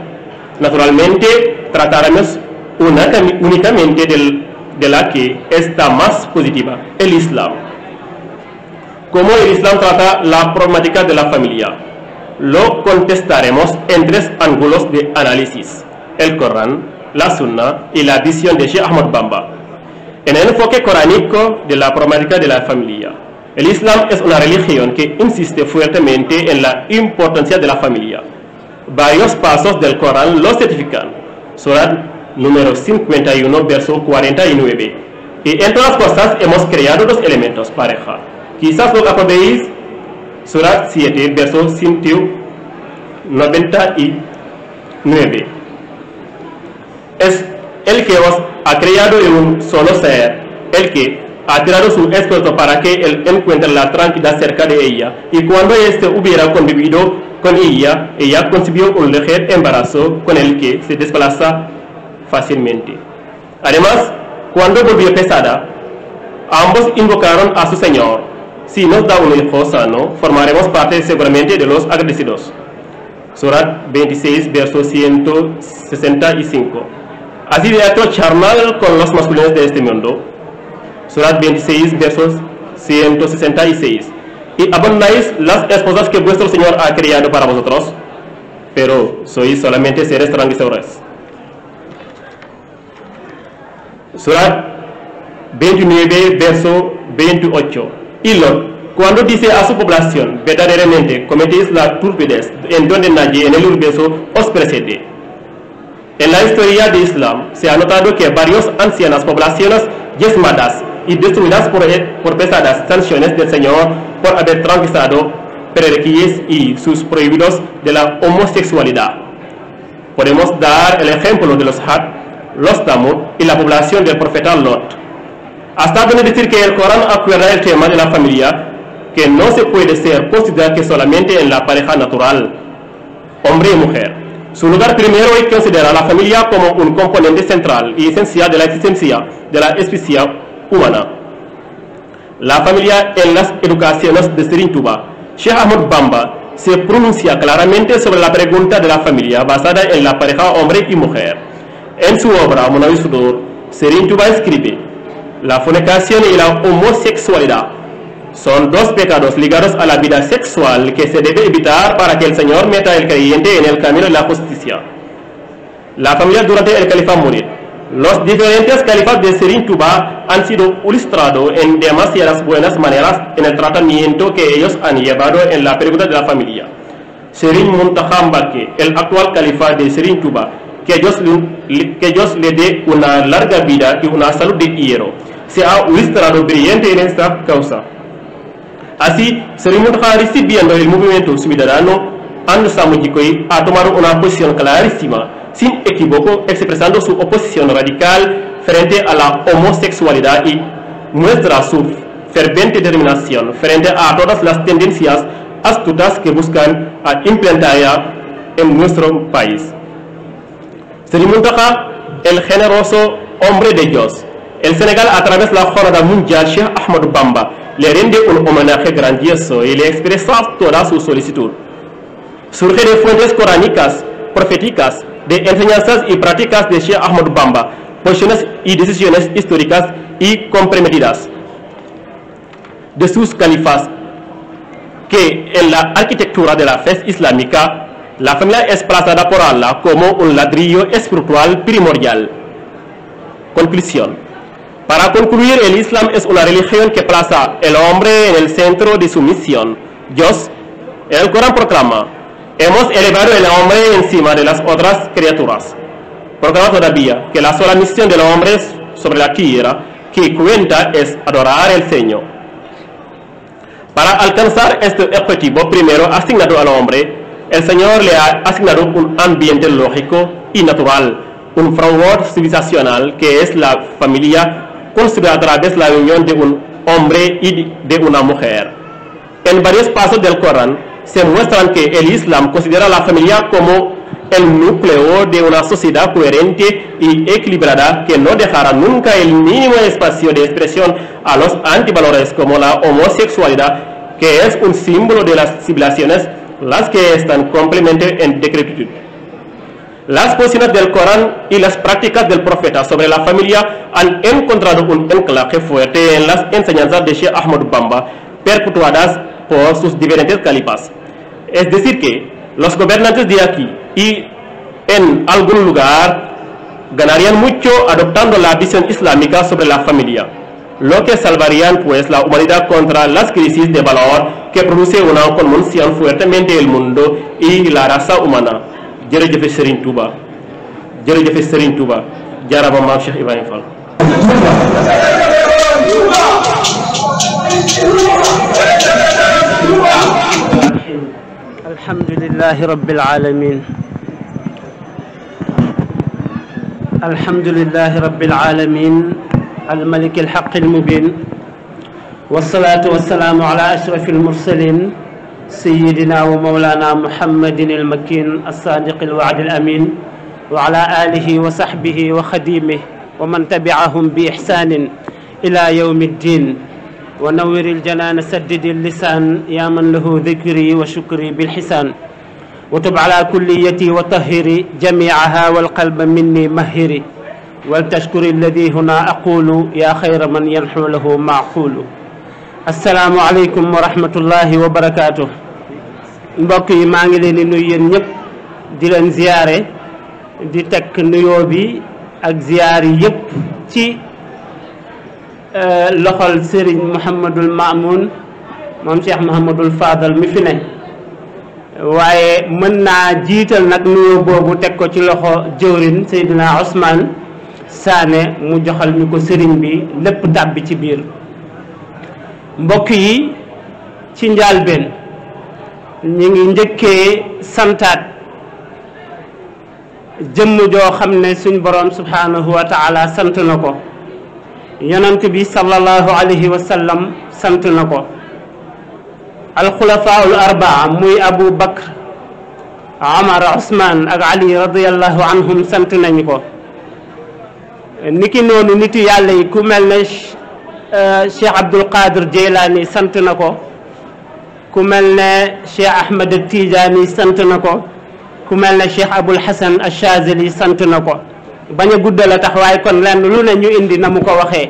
Naturalmente, trataremos una, de la que está más positiva, el Islam. cómo el Islam trata la problemática de la familia. Lo contestaremos en tres ángulos de análisis, el Corán, la Sunna y la visión de Sheikh Ahmad Bamba. En el enfoque coránico de la problemática de la familia, el Islam es una religión que insiste fuertemente en la importancia de la familia. Varios pasos del Corán lo certifican. Surat número 51, verso 49. Y entre cosas hemos creado dos elementos, pareja. ki sasnog es el que os ha creado en un solo ser el que ha tirado su esfuerzo para que él encuentre la tranquilidad cerca de ella y cuando éste hubiera convivido con ella ella concibió un ligero embarazo con el que se desplaza fácilmente además cuando volvió pesada ambos invocaron a su señor si nos da uno hijos sano, formaremos parte seguramente de los agradecidos. Surat 26, verso 165. Así de acto charnal con los masculinos de este mundo. Surat 26, versos 166. Y abandonáis las esposas que vuestro Señor ha creado para vosotros, pero sois solamente seres transgresores. Surat verso Hilo Cuando dice a su población verdaderamente cometéis la turbidez en donde nadie en el universo os precede. En la historia de Islam se ha notado que varias ancianas poblaciones diezmadas y destruidas eh, por, pesadas sanciones del Señor por haber transgresado prerequisitos y sus prohibidos de la homosexualidad. Podemos dar el ejemplo de los Had, los Tamud y la población del profeta Lot a sta bene decir que el Corán aclara el tema de la familia, que no se puede ser considerar que solamente en la pareja natural, hombre y mujer. Su lugar primero es considerar la familia como un componente central y esencial de la existencia de la especie humana. La familia en las educaciones de Serigne Touba. Cheikh Ahmed Bamba se pronuncia claramente sobre la pregunta de la familia basada en la pareja hombre y mujer. En su obra Munawir Sudur, Serigne Touba escribe la fornicación y la homosexualidad son dos pecados ligados a la vida sexual que se debe evitar para que el Señor meta al creyente en el camino de la justicia. La familia durante el califa Murid. Los diferentes califas de Sirin han sido ilustrados en demasiadas buenas maneras en el tratamiento que ellos han llevado en la película de la familia. Sirin que Dios, le dé una larga vida y una salud de hierro. si a o istrado brillante en esta causa asi seri mutaka recibiendo el movimiento ciudadano ando samojikoy ha tomado una posición clarísima sin equívoco expresando su oposición radical frente a la homosexualidad y muestra su ferviente determinación frente a todas las tendencias astutas que buscan a implantar en nuestro país. Sri Muntaha, el generoso hombre de Dios, El senegal a través de la Jornada Mundial Cheikh Ahmadou Bamba, le rende un homenaje grandioso y le expresa toda su solicitud. Surge de fuentes coránicas, proféticas, de enseñanzas y prácticas de Cheikh Ahmadou Bamba, posiciones y decisiones históricas y comprometidas de sus califas que en la arquitectura de la fe islámica la familia es plazada por Allah como un ladrillo espiritual primordial. Conclusión. Para concluir, el Islam es una religión que plaza el hombre en el centro de su misión. Dios, el Corán proclama, hemos elevado el hombre encima de las otras criaturas. Proclama todavía que la sola misión del hombre sobre la tierra que cuenta es adorar al Señor. Para alcanzar este objetivo primero asignado al hombre, el Señor le ha asignado un ambiente lógico y natural, un framework civilizacional que es la familia construit a través la unión de un hombre y de una mujer. En varios pasos del Corán se muestran que el Islam considera a la familia como el núcleo de una sociedad coherente y equilibrada que no dejará nunca el mínimo espacio de expresión a los antivalores como la homosexualidad, que es un símbolo de las civilizaciones las que están completamente en decrepitud. Las posiciones del Corán y las prácticas del profeta sobre la familia han encontrado un enclaje fuerte en las enseñanzas de Sheikh Ahmad Bamba, perpetuadas por sus diferentes califas. Es decir que los gobernantes de aquí y en algún lugar ganarían mucho adoptando la visión islámica sobre la familia, lo que salvarían pues la humanidad contra las crisis de valor que produce una conmoción fuertemente el mundo y la raza humana. jërëjëfe Serigne Touba jërëjëfe Serigne Touba jaarama maam Cheikh Ibrahima Fall. alhamdulilahi rabbil alamin alhamdulilahi rabbil alamin almalik alxaq almubin wasalaatu wasalaamu ala ashraf almursalin سيدنا ومولانا محمد المكين الصادق الوعد الأمين وعلى آله وصحبه وخديمه ومن تبعهم بإحسان إلى يوم الدين ونور الجنان سدد اللسان يا من له ذكري وشكري بالحسان وتب على كليتي وطهري جميعها والقلب مني مهري ولتشكر الذي هنا أقول يا خير من ينحو له معقول السلام عليكم ورحمة الله وبركاته mbokk yi maa ngi leen di nuyu yéen ñëpp di leen ziyaare di tekk nuyo bi ak ziyaar yépp ci euh, loxol sëriñ Mouhamadul Mamoun moom Cheikh Mouhamadul Fadal mi fi ne waaye mën naa jiital nag nuyoo boobu teg ko ci loxo jëwrin Seydina Ousmane Saane mu joxal ñu ko sëriñ bi lépp tàbbi ci biir mbokk yi ci njaal njaalbeen ñu ngi njëkkee santaat jëmm joo xam ne suñ boroom subhaanahu wa taala sant na ko yonent bi sallallahu alayhi wa sallam sant na ko alxulafaaul arbaa muy abu bakr omar usman ak ali radiallahu anhum sant nañu ko niki noonu niti yàlla yi ku mel ne eh, cheikh abdul qadir jeylaani sant na ko ku mel ne Cheikh Ahmed yi sant na ko ku mel ne Cheikh Abul Hasan yi sant na ko bañ a guddal a tax waaye kon lenn lu ne ñu indi na mu ko waxee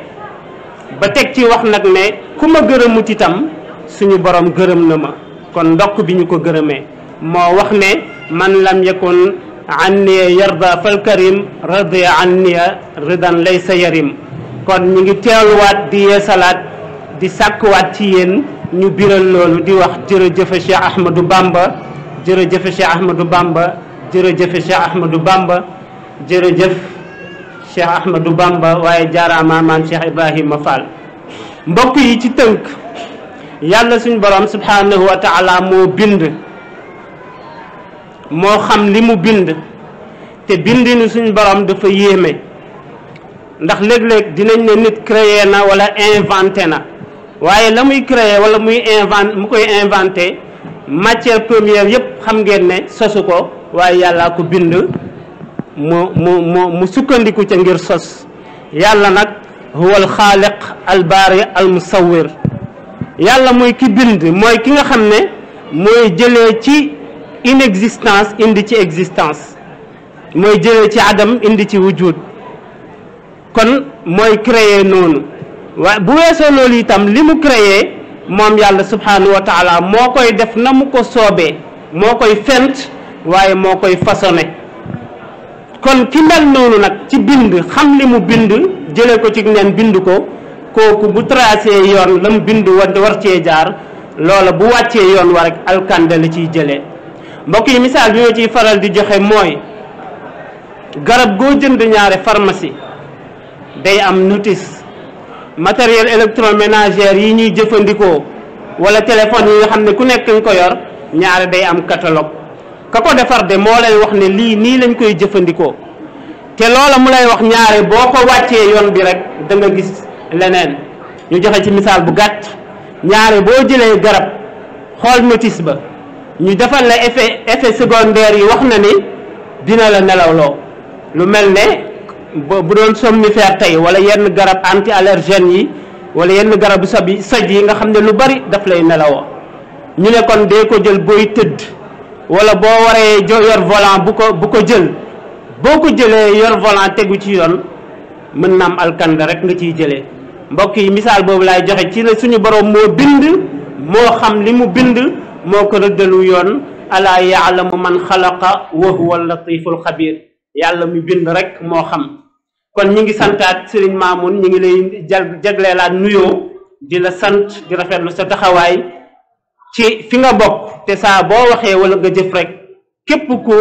ba teg ci wax nag ne ku ma gërëmut itam suñu borom gërëm na ma kon ndokk bi ñu ko gërëmee moo wax ne man lam yakun anniya yarda fal karim radiya anniya ridan laysa yarim kon ñu ngi teewluwaat di yeesalaat di sàkkuwaat ci yéen ñu biral loolu di wax bàmba jërëjëfe Cheikh Ahmadou Bamba jërëjëfe Cheikh Ahmadou Bamba jërëjëfe Cheikh Ahmadou Bamba jërëjëf Cheikh Ahmadou Bamba waaye jaaraama maam Cheikh Ibrahima Fall mbokk yi ci tënk yàlla suñ borom subhanahu wa moo bind moo xam li mu bind te bindinu suñ borom dafa yéeme ndax léeg-léeg dinañ ne nit créé na wala inventé na waaye la muy créer wala muy invent mu koy inventé matière première yépp xam ngeen ne sosu ko waaye yàlla ko bind mu mu mu sukkandiku ca ngir sos yàlla nag huwa al xaaliq al baari al yàlla mooy ki bind mooy ki nga xam ne mooy jële ci inexistence indi ci existence mooy jële ci adam indi ci wujud kon mooy créer noonu waa bu weesoo loolu itam li mu créé moom yàlla subhanahu wa moo koy def na mu ko soobee moo koy fent waaye moo koy façonné kon ki mel noonu nag ci bind xam li mu bind jële ko ci neen bind ko kooku bu tracé yoon la mu bind war cee jaar loola bu wàccee yoon wa rek ciy jële mbokk yi misaal bi ma ciy faral di joxe mooy garab goo jënd ñaare pharmacie day am notice matériel électroménager yi ñuy jëfandikoo wala téléphone yi nga xam ne ku nekk nga ko yor ñaare day am catalogue ka ko defar de moo lay wax ne lii nii lañ koy jëfandikoo te loola mu lay wax ñaare boo ko wàccee yoon bi rek da nga gis leneen ñu joxe ci misaal bu gàtt ñaare boo jëlee garab xool notice ba ñu defal la effet effet secondaire yi wax na ni dina la nelaw loo lu mel ne ba bu doon somnifère tey wala yenn garab anti allergène yi wala yenn garabu sab yi saj yi nga xam ne lu bari daf lay nelawoo ñu ne kon dee ko jël booy tëdd wala boo waree jo yor volant bu ko bu ko jël boo ko jëlee yor volant tegu ci yoon mën na am alkanda rek nga ciy jële mbokk yi misaal boobu laay joxe ci suñu borom moo bind moo xam li mu bind moo ko rëddalu yoon alaa yaalamu man xalaqa wa huwa latiful xabir yàlla mu bind rek moo xam kon ñi ngi santaat Serigne Mamoun ñi ngi lay jagleelaat nuyoo di la sant di rafetlu sa taxawaay ci fi nga bokk te saa boo waxee wala nga jëf rek képp ku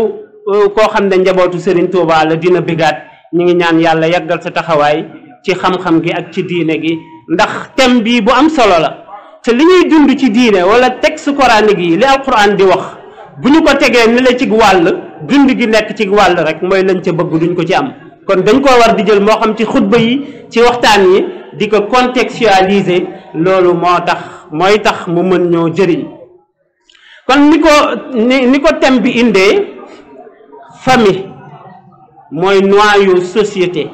euh, koo xam ne njabootu Serigne Touba la dina bigaat ñi ngi ñaan yàlla yàggal sa taxawaay ci xam-xam gi ak ci diine gi ndax thème bii bu am solo la te li ñuy dund ci diine wala texte coranique yi li alquran di wax bu ñu ko tegee ni la ci wàll dund gi nekk ci wàll rek mooy lañ ca bëgg duñ ko ci am kon dañ koo war di jël moo xam ci xutba yi ci waxtaan yi di ko contextualiser loolu moo tax mooy tax mu mën ñoo jëriñ kon ni ko ni ko thème bi indee famille mooy noyau société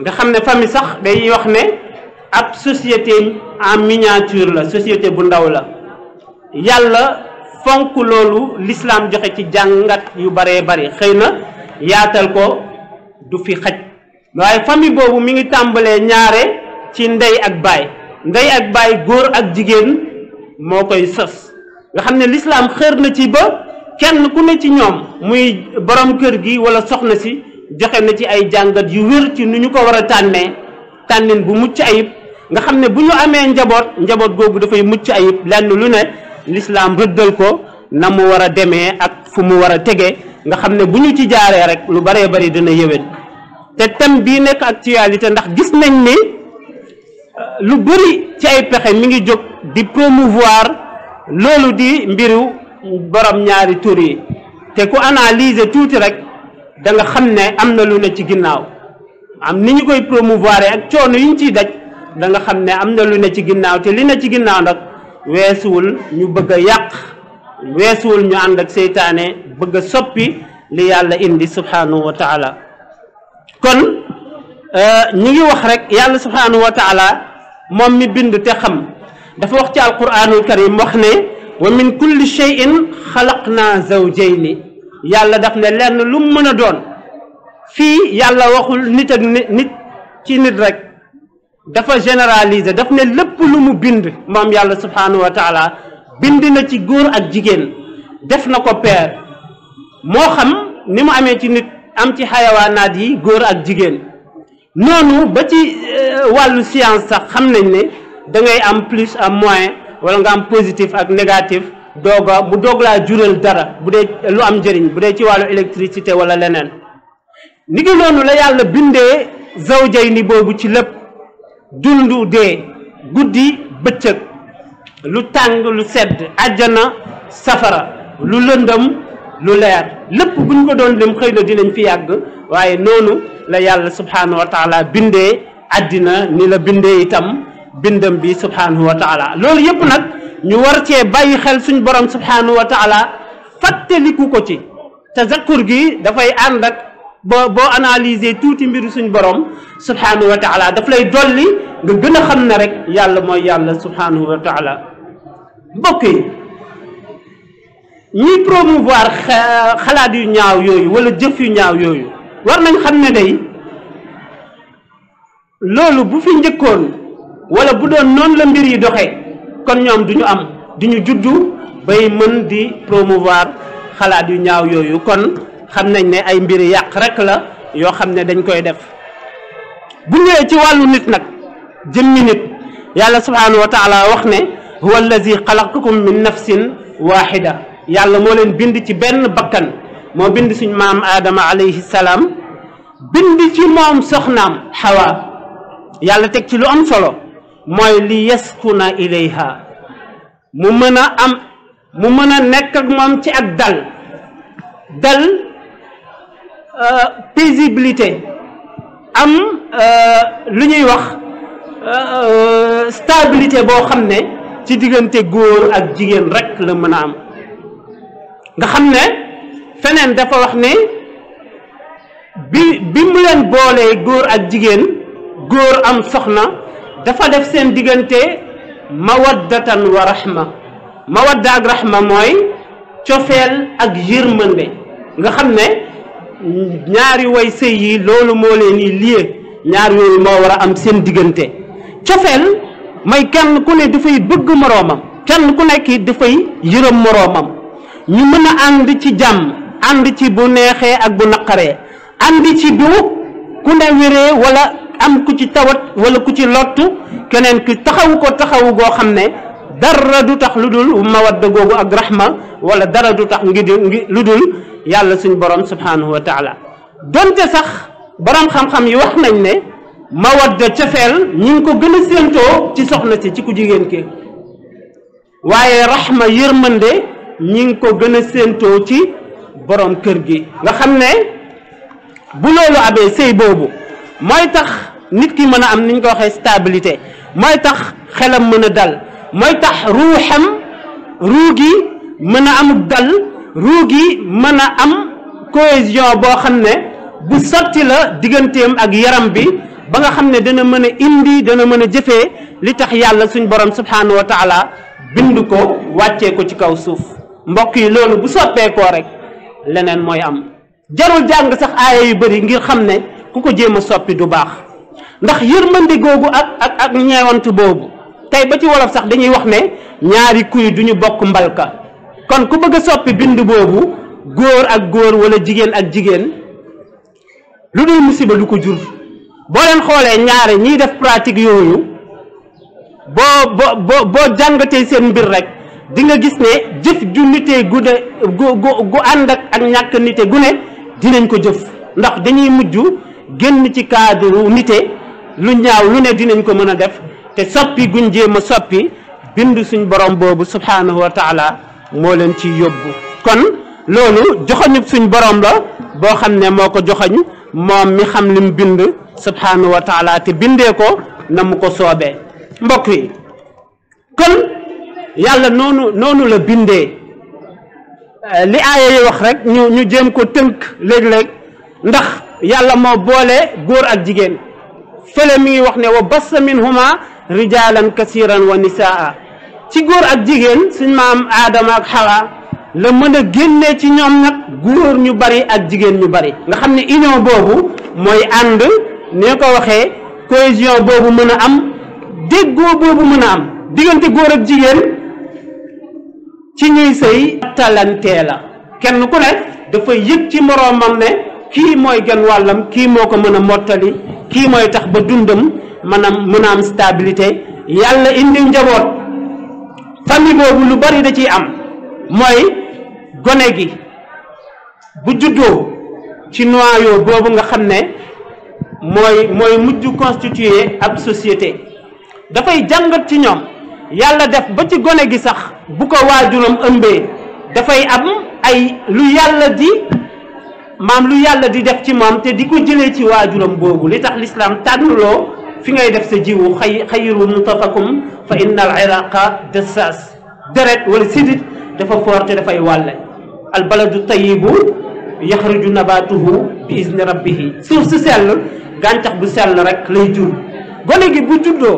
nga xam ne famille sax day wax ne ab société en miniature la société bu ndaw la yàlla fonk loolu lislaam joxe ci jàngat yu baree bari xëy na yaatal ko du fi xaj waaye famille boobu mi ngi tàmbalee ñaare ci ndey ak baay ndey ak baay góor ak jigéen moo koy sos nga xam ne lislaam xër na ci ba kenn ku ne ci ñoom muy borom kër gi wala soxna si joxe na ci ay jàngat yu wér ci nu ñu ko war a tànnee tànnin bu mucc ayib nga xam ne bu ñu amee njaboot njaboot googu dafay mucc ayib lenn lu ne lislaam rëddal ko na mu war a demee ak fu mu war a tege nga xam ne bu ñu ci jaaree rek lu baree bari dina yëwén te thème bii nekk actualité ndax gis nañ ni euh, lu bëri ci ay pexe mi ngi jóg di promouvoir loolu di mbiru borom ñaari tur yi te ku analyser tuuti rek danga xam ne am na lu ne ci ginnaaw am ni ñu koy promouvoir ak coono yi ñu ciy daj da nga xam ne am na lu ne ci ginnaaw te li ne ci ginnaaw nag weesuwul ñu bëgg a yàq weesuwul ñu ànd ak seytaane bëgg a soppi li yàlla indi subhanahu wa taala kon euh, ñi ngi wax rek yàlla subhanahu wa moom mi bind te xam dafa wax ci alquranul karim wax ne wa min kulli shay'in xalaqna zawjayni yàlla daf ne lenn lu mu mën a doon fii yàlla waxul nit ak nit ci nit rek dafa généraliser daf ne lépp lu mu bind moom yàlla subhanahu wa bind na ci góor ak jigéen def na ko peer moo xam ni mu amee ci nit am ci xayawaanaat yi góor ak jigéen noonu ba ci euh, wàllu science sax xam nañ ne dangay ngay am plus am moins wala nga am positif ak négatif dooga bu doog laa jural dara bu dee lu am njëriñ bu dee ci wàllu électricité wala leneen ni ngi noonu la yàlla bindee zawjay ni boobu ci lépp dund dee guddi bëccëg lu tàng lu sedd àjjana safara lu lëndëm lu leer lépp buñ ko doon lim xëy na dinañ fi yàgg waaye noonu la yàlla subhanahu wa bindee àddina ni la bindee itam bindam bi subhanahu wa taala loolu yëpp nag ñu war cee bàyyi xel suñ borom subhanahu wa taala fàttaliku ko ci tazakkur gi dafay ànd ak boo boo analyser tuuti mbiru suñ borom subhanahu wa taala daf lay dolli nga gën a xam ne rek yàlla mooy yàlla subhanahu wa mbokk yi ñuy promouvoir xalaat yu ñaaw yooyu walla jëf yu ñaaw yooyu war nañ xam ne day loolu bu fi njëkkoon wala bu doon noon la mbir yi doxe kon ñoom duñu am duñu juddu bay mën di promouvoir xalaat yu ñaaw yooyu kon xam nañ ne ay mbiri yàq rekk la yoo xam ne dañ koy def bu ñëwee ci wàllu nit nag jëmmi nit yàlla subhaanahu wa wax ne huwa allazi xalaqakum min nafsin waxida yàlla moo leen bind ci benn bakkan moo bind suñ maam aadama alayhi salaam bind ci moom soxnaam xawa yàlla teg ci lu am solo mooy li yaskuna ilayha mu mën a am mu mën a nekk ak moom ci ak dal dal euh, paisibilité am euh, lu ñuy wax euh, stabilité boo xam ne ci diggante góor ak jigéen rekk la mën a nga xam ne feneen dafa wax ne bi bi mu leen boolee góor ak jigéen góor am soxna dafa def seen diggante mawaddatan wa rahma mawadda ak rahma mooy cofeel ak yërmande nga xam ne ñaari way sëy yi loolu moo leen i lié ñaar yooyu moo war a am seen diggante cofeel may kenn ku ne dafay bëgg moroomam kenn ku nekk dafay yërëm moroomam ñu mën a ànd ci jàmm ànd ci bu neexee ak bu naqaree ànd ci bu ku ne wéree walla am ku ci tawat wala ku ci lott keneen ki taxawu ko taxawu goo xam ne dara du tax lu dul mawadda googu ak rahma wala dara du tax ngi ngi lu dul yàlla suñu borom subhanahu wa taala donte sax borom xam-xam yi wax nañ ne mawadda cofeel ñi ngi ko gën a séentoo ci soxna si ci ku jigéen ki waaye raxma yërmande ñi ngi ko gën a séentoo ci borom kër gi nga xam ne bu loolu abee sëy boobu mooy tax nit ki mën a am ni ko waxee stabilité mooy tax xelam mën a dal mooy tax ruuxam ruu gi mën a am dal ruu gi mën a am cohésion boo xam ne bu sotti la digganteem ak yaram bi ba nga xam ne dana mën a indi dana mën a jëfee li tax yàlla suñ borom subhaanahu wa taala bind ko wàccee ko ci kaw suuf mbokk yi loolu bu soppeekoo rek leneen mooy am jarul jàng sax aaya yu bëri ngir xam ne ku ko jéem a soppi du baax ndax yërmande googu ak ak ak ñeewantu boobu tey ba ci wolof sax dañuy wax ne ñaari kuy du ñu bokk mbalka kon ku bëgg soppi bind boobu góor ak góor wala jigéen ak jigéen lu dul musiba lu ko jur boo leen xoolee ñaare ñiy def pratique yooyu boo boo boo boo jàngatee seen mbir rek di nga gis ne jëf ju nitee gu de gu gu gu ànd ak ak ñàkk nite gu ne dinañ ko jëf ndax dañuy mujj génn ci cadre nite lu ñaaw lu ne dinañ ko mën a def te soppi guñ jéem soppi bind suñ borom boobu subhaanahu wa moo leen ci yóbbu kon loolu joxoñu suñ borom la boo xam ne moo ko joxoñ moom mi xam lim bind subhanahu wa taala te bindee ko na mu ko soobee mbokk yi kon yàlla noonu noonu la bindee euh, li aaya yi wax rek ñu ñu jéem ko tënk léeg-léeg ndax yàlla moo boole góor ak jigéen fële mi ngi wax ne wa bassa minhuma rijalan kasiran wa nisaa ci góor ak jigéen suñ maam aadama ak xawa la mën a génne ci ñoom nag góor ñu bari ak jigéen ñu bari nga xam ne union boobu mooy ànd ni ko waxee cohésion boobu mën a am déggoo boobu mën a am diggante góor ak jigéen ci ñuy sëy talantee la kenn ku ne dafa yëg ci moroomam ne kii mooy gën wàllam kii moo ko mën a mottali kii mooy tax ba dundam maanaam mën a am stabilité yàlla indi njaboot famille boobu lu bari da ciy am mooy gone gi bu juddoo ci noyau boobu nga xam ne mooy mooy mujj constituer ab société dafay jàngat ci ñoom yàlla def ba ci gone gi sax bu ko waajuram ëmbee dafay am ay lu yàlla di maam lu yàlla di def ci moom te di ko jëlee ci waajuram boobu li tax lislaam tànnuloo fi ngay def sa jiwu xay xayiru mutafakum fa inna al iraqa dassas deret wala sidit dafa foor te dafay wàlle al baladu tayibu yaxruju nabatuhu bi izni rabbihi suuf si sell gàncax bu sell rek lay jur gone gi bu juddoo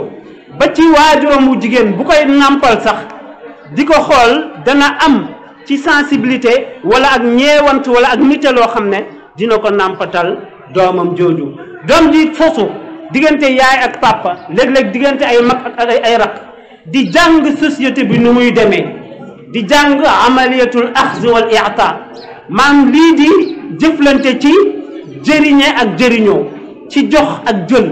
ba ci waajuram wu jigéen bu koy nàmpal sax di ko xool dana am ci sensibilité wala ak ñeewant wala ak nite loo xam ne dina ko nàmpatal doomam jooju doom di fosu diggante yaay ak papa léeg-léeg diggante ay mag ak ay rak di jàng société bi nu muy demee di jàng amaliyatul axzi wal maam lii di jëflante ci jëriñe ak jëriñoo ci jox ak jël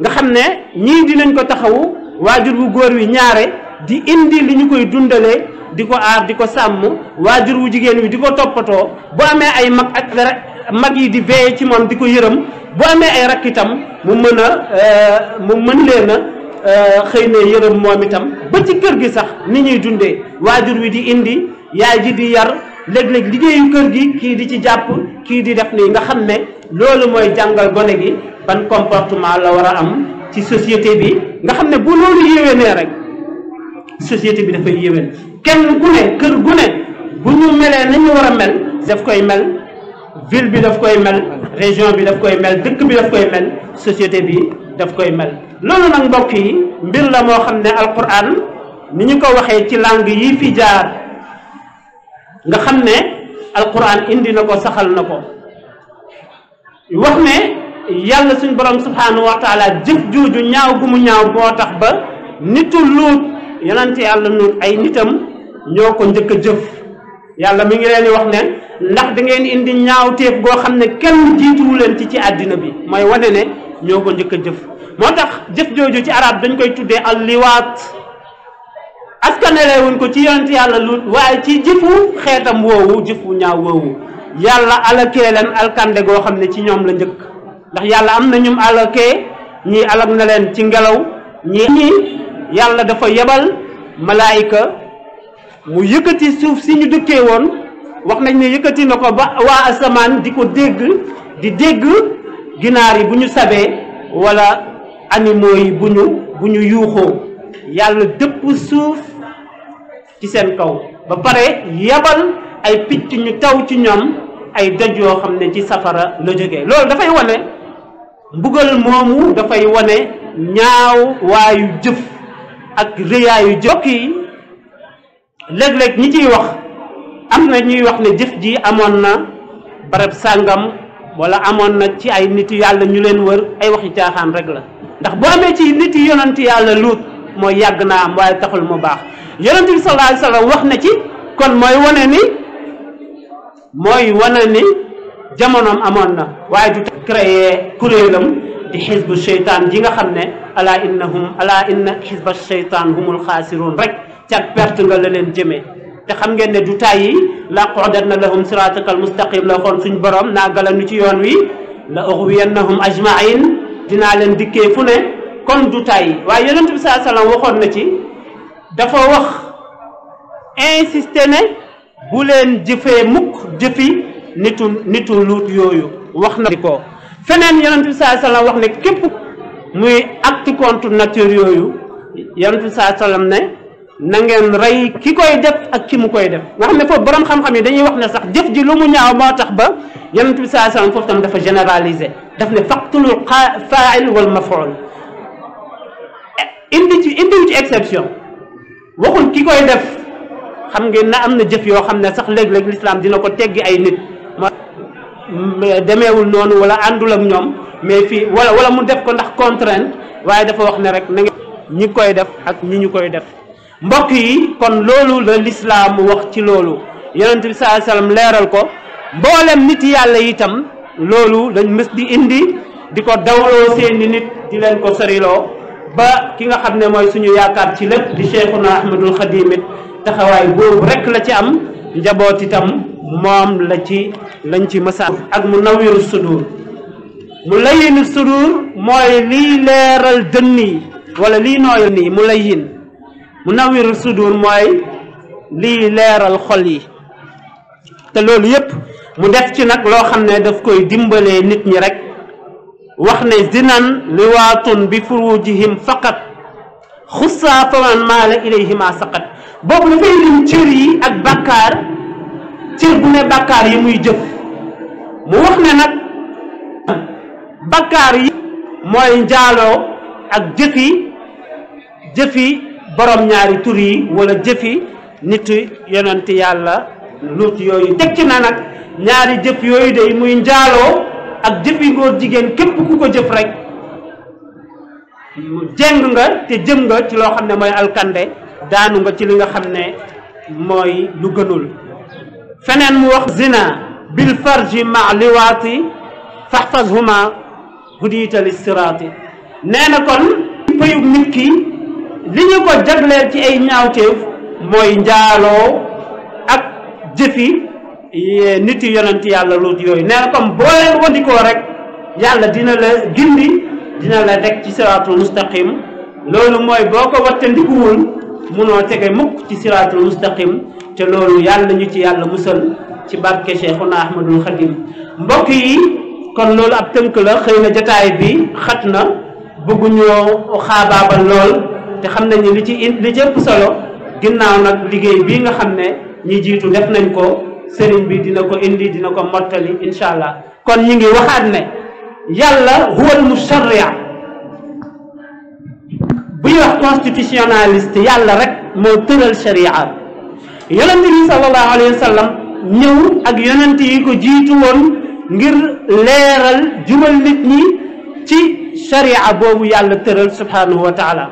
nga xam ne ñii dinañ ko taxawu waajur wu góor wi ñaare di indi li ñu koy dundale di ko aar di ko sàmm waajur wu jigéen wi di ko toppatoo bu amee ay mag ak mag yi di veillé ci moom di ko yërëm bu amee ay rakk itam mu mën a euh, mu mën leen a euh, xëy na yërëm moom itam ba ci kër gi sax ni ñuy dundee waajur wi di indi yaay ji di yar léeg-léeg liggéeyu kër gi kii di ci jàpp kii di def nii nga xam ne loolu mooy jàngal gone gi ban comportement la war a am ci société bi nga xam ne bu loolu ne rek société bi dafay yéwén kenn ku kër gu ne bu ñu melee nañu war a mel daf koy mel ville bi daf koy mel région bi daf koy mel dëkk bi daf koy mel société bi daf koy mel loolu nag mbokk yi mbir la moo xam ne alquran ni ñu ko waxee ci langue yi fi jaar nga xam ne alquran indi na ko saxal na ko wax ne yàlla suñ borom subhanahu wa taala jëf jooju ñaaw gu mu ñaaw moo tax ba nitu luut yonent yàlla nuut ay nitam ñoo ko njëkk jëf yàlla mu ngi leen wax ne ndax dangeen indi ñaaw ñaawteef goo xam ne kenn jiituwu leen ci ci àddina bi mooy wane ne ñoo ko njëkk a jëf moo tax jëf jooju ci arab dañ koy tuddee al liwaat askanelewuñ ko ci yonent yàlla luut waaye ci jëfu xeetam woowu jëfu ñaaw woowu yàlla alakee leen alkande goo xam ne ci ñoom la njëkk ndax yàlla am na ñum alakee ñii alak na leen ci ngelaw ñii yàlla dafa yebal malaayka mu yëkkati suuf si ñu dëkkee woon wax nañ ne yëkkati na ko ba waa asamaan di ko dégg di dégg ginaar yi bu ñu sabee wala animaux yi bu ñu bu ñu yuuxoo yàlla dëpp suuf ci seen kaw ba pare yebal ay picc ñu taw ci ñoom ay daj yoo xam ne ci safara la jóge loolu dafay wane mbugal moomu dafay wone ñaaw waayu jëf ak rëyaayu jokk yi léeg ñi ciy wax am na ñuy wax ne jëf ji amoon na barab sàngam wala amoon na ci ay nit yàlla ñu leen wër ay waxi caaxaan rek la ndax boo amee ci nit yi yonent yàlla luut mooy yàgg naa am waaye taxul mu baax yonent bi sallallahu wax na ci kon mooy wane ni mooy wane ni jamonoom amoon na waaye du créé kuréelam di xisbu seytaan ji nga xam ne ala innahum ala inna xisba seytaan humul xaasiruun rek ca perte nga la leen jëme te xam ngeen ne du tàyyi la na lahum siratakal mustaqim la xoon suñ borom naagala nu ci yoon wi la uxwiyannahum ajmain dinaa leen dikkee fu ne kon du tàyyi waaye yonent bi saa sallam waxoon na ci dafa wax insisté ne bu leen jëfee mukk jëfi nitu nitu luut yooyu wax na ko feneen yonent bi saa sallam wax ne képp muy acte contre nature yooyu yonent saa sallam ne na ngeen rey ki koy def ak ki mu koy def nga xam ne foofu borom xam yi dañuy wax ne sax jëf ji lu moo tax ba yonent bi saa sallam foofu dafa généraliser daf ne faqtulul faail wal mafuul e, indi ci indiwu ci exception ki koy def xam ngeen na am na jëf yoo xam ne sax léeg-léeg lislaam dina ko teggi ay nit demeewul noonu wala àndul ak ñoom mais fii wala wala mu def ko ndax contrainte waaye dafa wax ne rek na ñi koy def ak ñi ñu koy def mbokk yi kon loolu la lislaam wax ci loolu yonent bi saa sallam leeral ko mboolem nit yàlla itam loolu dañ mës di indi di ko dawloo seeni nit di leen ko soriloo ba ki nga xam ne mooy suñu yaakaar ci lépp di cheikhuna ahmadul xadimit taxawaay boobu rekk la ci am njaboot itam moom la ci lañ ci mësa ak mu nawwiru sudur mu layinu sudur mooy liy leeral dënn yi wala liy nooyal nii mu layin mu nawwiru sudur mooy liy leeral xol yi te loolu yépp mu def ci nag loo xam ne daf koy dimbalee nit ñi rekk wax ne zinan liwaatun bi furujihim faqat xussaa faman maala ilayhima saqat boobu dafay lim cër yi ak bàkkaar cër bu ne bàkkaar yi muy jëf mu wax ne nag bàkkaar yi mooy njaaloo ak jëfi jëfi boroom ñaari tur yi wala jëfi nit yonent yàlla luut yooyu teg ci na nag ñaari jëf yooyu day muy njaaloo ak jëfi ngóor jigéen képp ku ko jëf rek jeng nga te jëm nga ci loo xam ne mooy alkande daanu nga ci li nga xam ne mooy lu gënul feneen mu wax zina bil farji ma liwaati faxfazhuma hudiita lissiraati nee na kon pëyub nit ki li nga ko jagleel ci ay ñaawteef mooy njaaloo ak jëfi nit yi yonent yàlla luut yooyu nee na comme boo leen wandikoo rek yàlla dina la gindi dina la rek ci siraatul mustaqim loolu mooy boo ko wattandikuwul munoo tegee mukk ci siraatul mustaqim te loolu yàlla ñu ci yàlla musal ci barke Cheikhuna Ahmadul Khadim mbokk yi kon loolu ab tënk la xëy na jataay bi xat na bëgguñoo xaabaabal lool te xam nañ ni li ci li ci ëpp solo ginnaaw nag liggéey bii nga xam ne ñi jiitu def nañ ko sëriñ bi dina ko indi dina ko mottali incha allah kon ñi ngi waxaat ne yàlla huwal musharri' bu ñuy wax constitutionnaliste yàlla rek moo tëral sharia yonent bi sallallahu alayhi wa ñëw ak yonent yi ko jiitu woon ngir leeral jubal nit ñi ci sharia boobu yàlla tëral subhanahu wa taala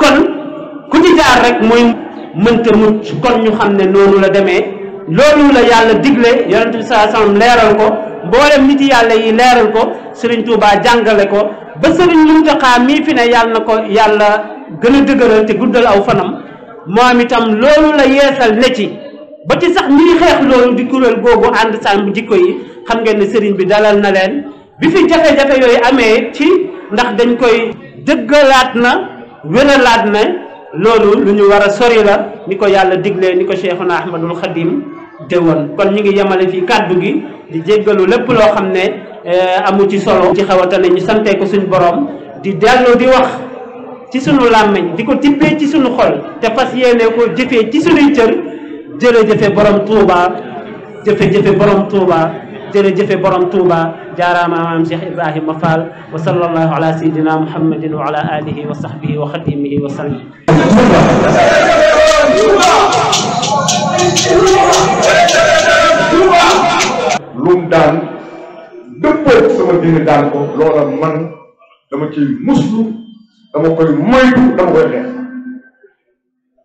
kon ku ci jaar rek mooy mënta mucc kon ñu xam ne noonu la demee loolu la yàlla digle yonent bi sallallahu leeral ko mboolem nit yàlla yi leeral ko Sëriñ Tuubaa jàngale ko ba sëriñ Muntaxa mii fi ne yàlla na ko yàlla gën a dëgëral te guddal aw fanam moom itam loolu la yeesal ne ci ba ci sax ñuy xeex loolu di kuréel googu ànd sàmm jikko yi xam ngeen ne sëriñ bi dalal na leen bi fi jafe-jafe yooyu amee ci ndax dañ koy dëggalaat na wéralaat na loolu lu ñu war a sori la ni ko yàlla diglee ni ko Cheikhuna Ahmadul Xadim déwoon kon ñu ngi yemale fii kàddu gi di jéggalu lépp loo xam ne Eh, amu ci solo ci xawatane ñu santee ko suñu borom di dellu di ci suñu làmmiñ di ko tibbee ci suñu xol te ci suñuy cër jërëjëfe borom Touba jëfe-jëfe borom Touba jërëjëfe borom Touba jaaraama maam Cheikh Ibrahima Fall wa sallallahu ala sayidina muhammadin dëppoo sama diine daan ko loola man dama ciy muslu dama koy moytu dama koy xeex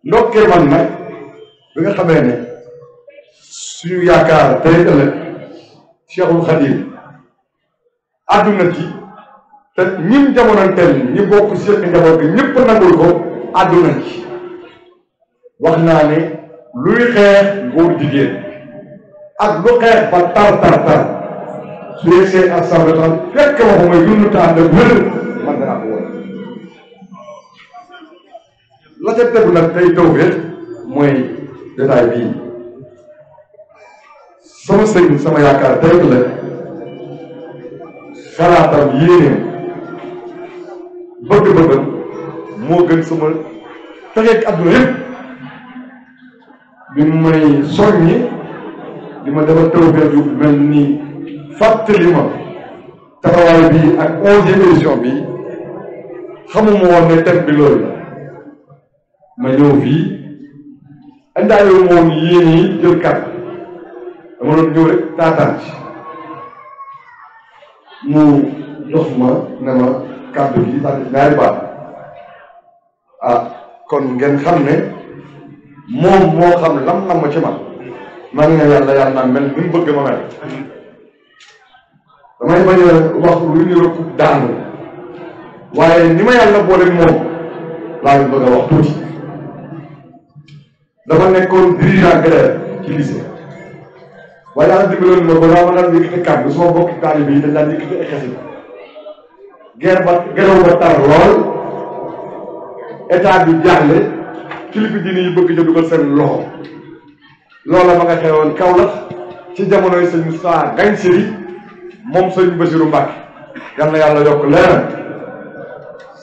ndokkee man nag bi nga xamee ne suñu yaakaar tey ëllëg Cheikhul Khadim àdduna ci te ñim jamono ñi bokk seq njaboot bi ñëpp ko àdduna ci wax naa ne luy xeex góor jigéen ak lu xeex ba tar tar tar su dee seet ak tam fekk waxuma yunnu taan la wër man danaa ko wër la ca tegu nag tey taw mooy détail bii sama sëriñ sama yaakaar tey la xalaatam yéene bëgg-bëggam moo gën sama fexeeg adduna yëpp bi may soññi di ma defal taw yu mel nii fàttali ma taxawaay bi ak onzième édition bi xamuma woon ne thème bi loolu la ma ñëw fii indaale wu ma woon jël kat dama ñëw rek taataan ci mu jox ma ne ma kàddu gi sànni ñaari baat ah kon ngeen xam ne moom moo xam lam nam ma ci man maa ngi yàlla yàlla naa mel ni mu bëgg ma mel. damay bañ a wax lu niroog daanu waaye ni ma yàlla booleeg moom laa leen bëgg a wax tuuti dama nekkoon dirigeant grève ci waaye daal dimbaloon ma balaa ma daan yëkkati kàddu suma bokk taalibe yi dañ daan yëkkati ay xesit ger ba geraw ba lool état bi jaaxle kilifa diine yi bëgg ca dugal seen loxo loola ma nga xewoon Kaolack ci jamonoy sëñ Moussa Gagne Seri moom sëriñ Basiru Mbàkke yal na yàlla yokk leer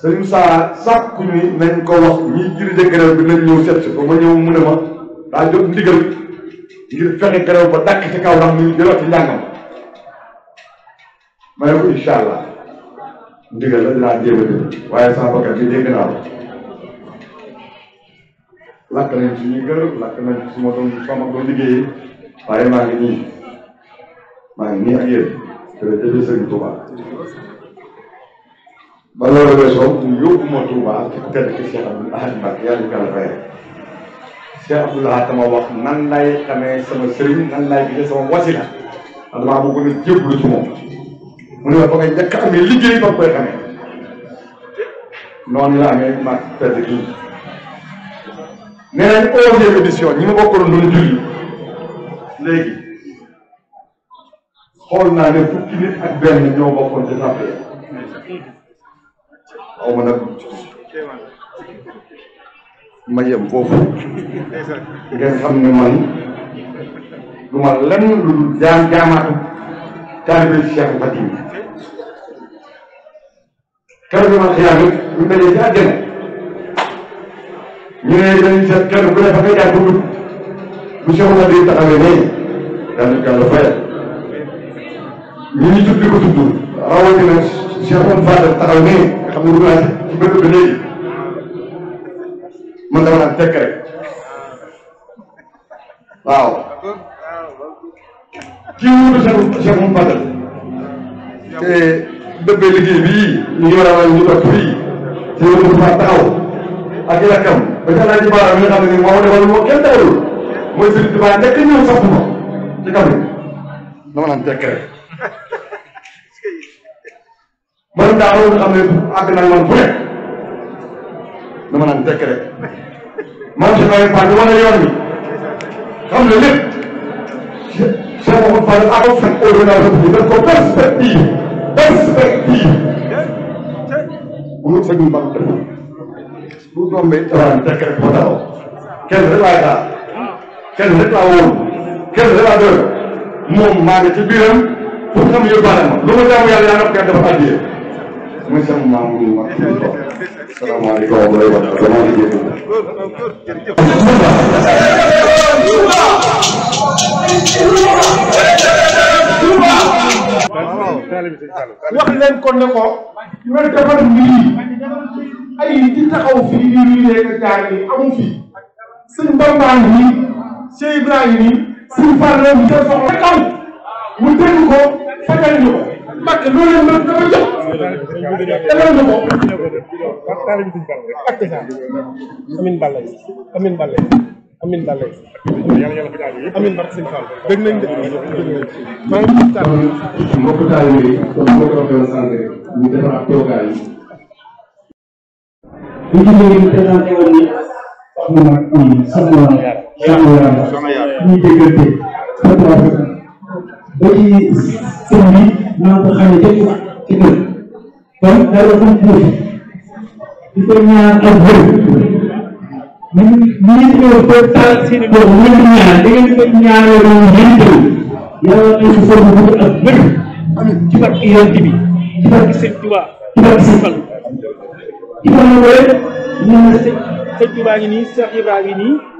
sëriñ saa sàkku ni nañ ko wax ñi dirige grève bi nañ ñëw seet si ba ma ñëw mu ne ma daa jot ndigal ngir fexe grève ba dàkk ci kaw ndax ma ne ko incha allah ndigal la dinaa jéem waaye saa bakkat bi dégg naa ko lakk nañ suñuy gër lakk nañ su ma doon sama doon liggéeyee waaye maa ngi nii maa ngi nii traité bi sëñ Touba ba loolu weesoo ñu yóbbu ma Touba ci ku tedd ki Cheikh Abdoul Ahad Mbacké yàlla ñu kàlla fayal Cheikh Abdoul Ahad dama wax nan lay xamee sama sëriñ nan lay gisee sama wasila ndax damaa bëgg a jébbalu ci moom mu ne ma nga njëkk a liggéey ba koy xamee noonu la amee ma tedd gi nee nañ onzième édition ñi ma bokkaloon doon julli léegi xool naa ne fukki benn ñoo bokkoon ci sàppe xaw ma nag ma yem foofu xam ne man du ma lenn lu dul jaam jaamaatu taalibe Cheikh Fatim keroog yi ma xiyaam it ñu dajee ci àjjana ñu ne dañuy seet kenn ku ne fa ngay jaar bu dugg bu Cheikh Fatim taxawee ne daanaka la ñu ngi tudd di ko tudd rawatina Cheikh Oum Fadel taxaw ne nga xam ne dugg naa ci bëgg ba léegi man dama naan tekk rek waaw kii wuutu Cheikh Cheikh Oum Fadel te dëbbee liggéey bii ñu ngi war a wàññi ñu toog fii ci wàllu fa taxaw ak yakkam ba ca laaj baaraam yi nga xam ne moo defal moo kenn taxawul mooy Sëriñ Tuubaa nekk ñëw sax ci kaw dama naan tekk rek man daa doon xam ne àgg nañ man bu ne dama naan tekk rek man si nawet bi wane yoon bi xam nga lépp Cheikh Mouhamed Fall a offert au gouvernement bi def ko perspective perspective bu ñu sëñ Mbacke bu tombé dama naan tekk rek ba taxaw kenn rek laay daal kenn rek laa wóor kenn rek laa doy moom maa ngi ci biiram pour xam yóbbaale ma lu ma jaamu yàlla yaa ngi ko kenn dafa àddiyee muy sama maam wax dëgg ko ne ko. man defar mbiri ay di taxaw fii di lii leen jaar nii amu fi. sëñ Bambaan bi Cheikh Ibrahima bi. sëñ Fall bi te soxla kaw. mu dégg ko fekkal Mbacke loolu la man dafa jox defal na ko. Mbacke saa amiin Balla yi amiin Balla yi amiin Balla yi. amiin Barke Sëñ Fall dégg nañ de dégg nañ maa ngi gis taal bi. mbokk taal bi comme ni ma ko doon sant ñu defaraat toogaay yi. bu ñu jógee présenté woon ni wax na ma sama sama yaay ñu déggante ba ci sëñ bi maa ko xamee kër kon dara ko buuf di ko ñaan ak wér ñu ñu ñëw ba taal seen i bopp ñu ñaan da ngeen ko ñaanal ñu yëngal yàlla ay su ak wér ci barke yonent bi ci barke sëñ Tuubaa ci barke sëñ Fall ci barke wér ñu ne sëñ ngi nii Cheikh ngi nii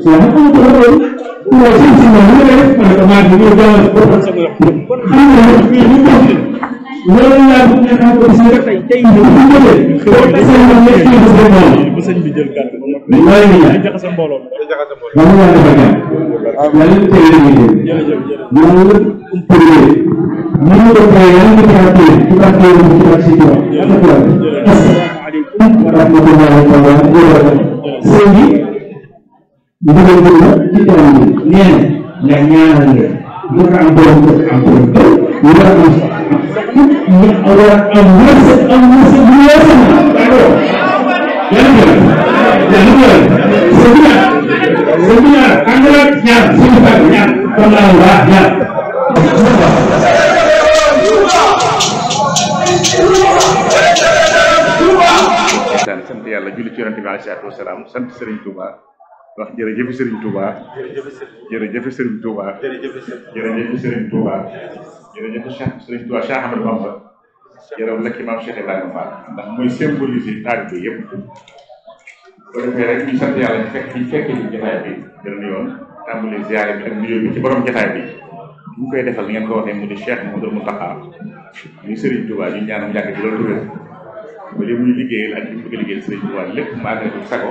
waaw xam nga ko loolu waaw si si moom li nga def ma ne ko maa ngi ñëw jàllale ko xam nga loolu laa bëgg nga xam ko si nga tey tey bu ñu jëlee boo tasee moom nekk ci sa borom ba sëñ bi jël carte ba noppi waaye ni yaa jaxase mbooloo jaxase mbooloo moom laa dafa gën yàlla ñu tey la ñu jël moom la umpëlee ñu ngi ko tey yàlla ñu tey tey ci parti yi ci parti yi ak ak ak asalaamaaleykum wa rahmatullahi wa barakatuh sëñ bi ndigal bi la ci tool yi nee na nga ñaanal leen ñu ko am borom ko am borom bëri ñu war a am ñu war a am wërsëg am wërsëg bu wërsëg d'accord yàlla jël yàlla jël c'est bien c'est bien ànd la ñaan suñu fàgg ñaan comme la waa ñaan sant yàlla julli ci yonent bi alayhi salaatu wasalaam sant Serigne Touba wax jërëjëf Serigne Touba. jërëjëf Serigne Touba. jërëjëf Serigne Touba. jërëjëf Serigne Touba Cheikh Ahmadou Bamba. jërëjëf la ki maam Cheikh Ibrahima Fall ndax mooy symboliser taalibe bi yëpp. boo defee rek ñu sant yàlla ñu fekk ñu fekkee ci jotaay bi beneen yoon tàmbali ziare bi ak nuyoo bi ci borom jotaay bi. bu ñu koy defal ni ngeen ko waxee mu di Cheikh Mouhamadou Mountakha muy Serigne Touba ñu ñaanam yàgg di loolu wér. ba léegi muy liggéeyal ak li mu bëgg a liggéeyal Serigne Touba lépp mu àggale ko sago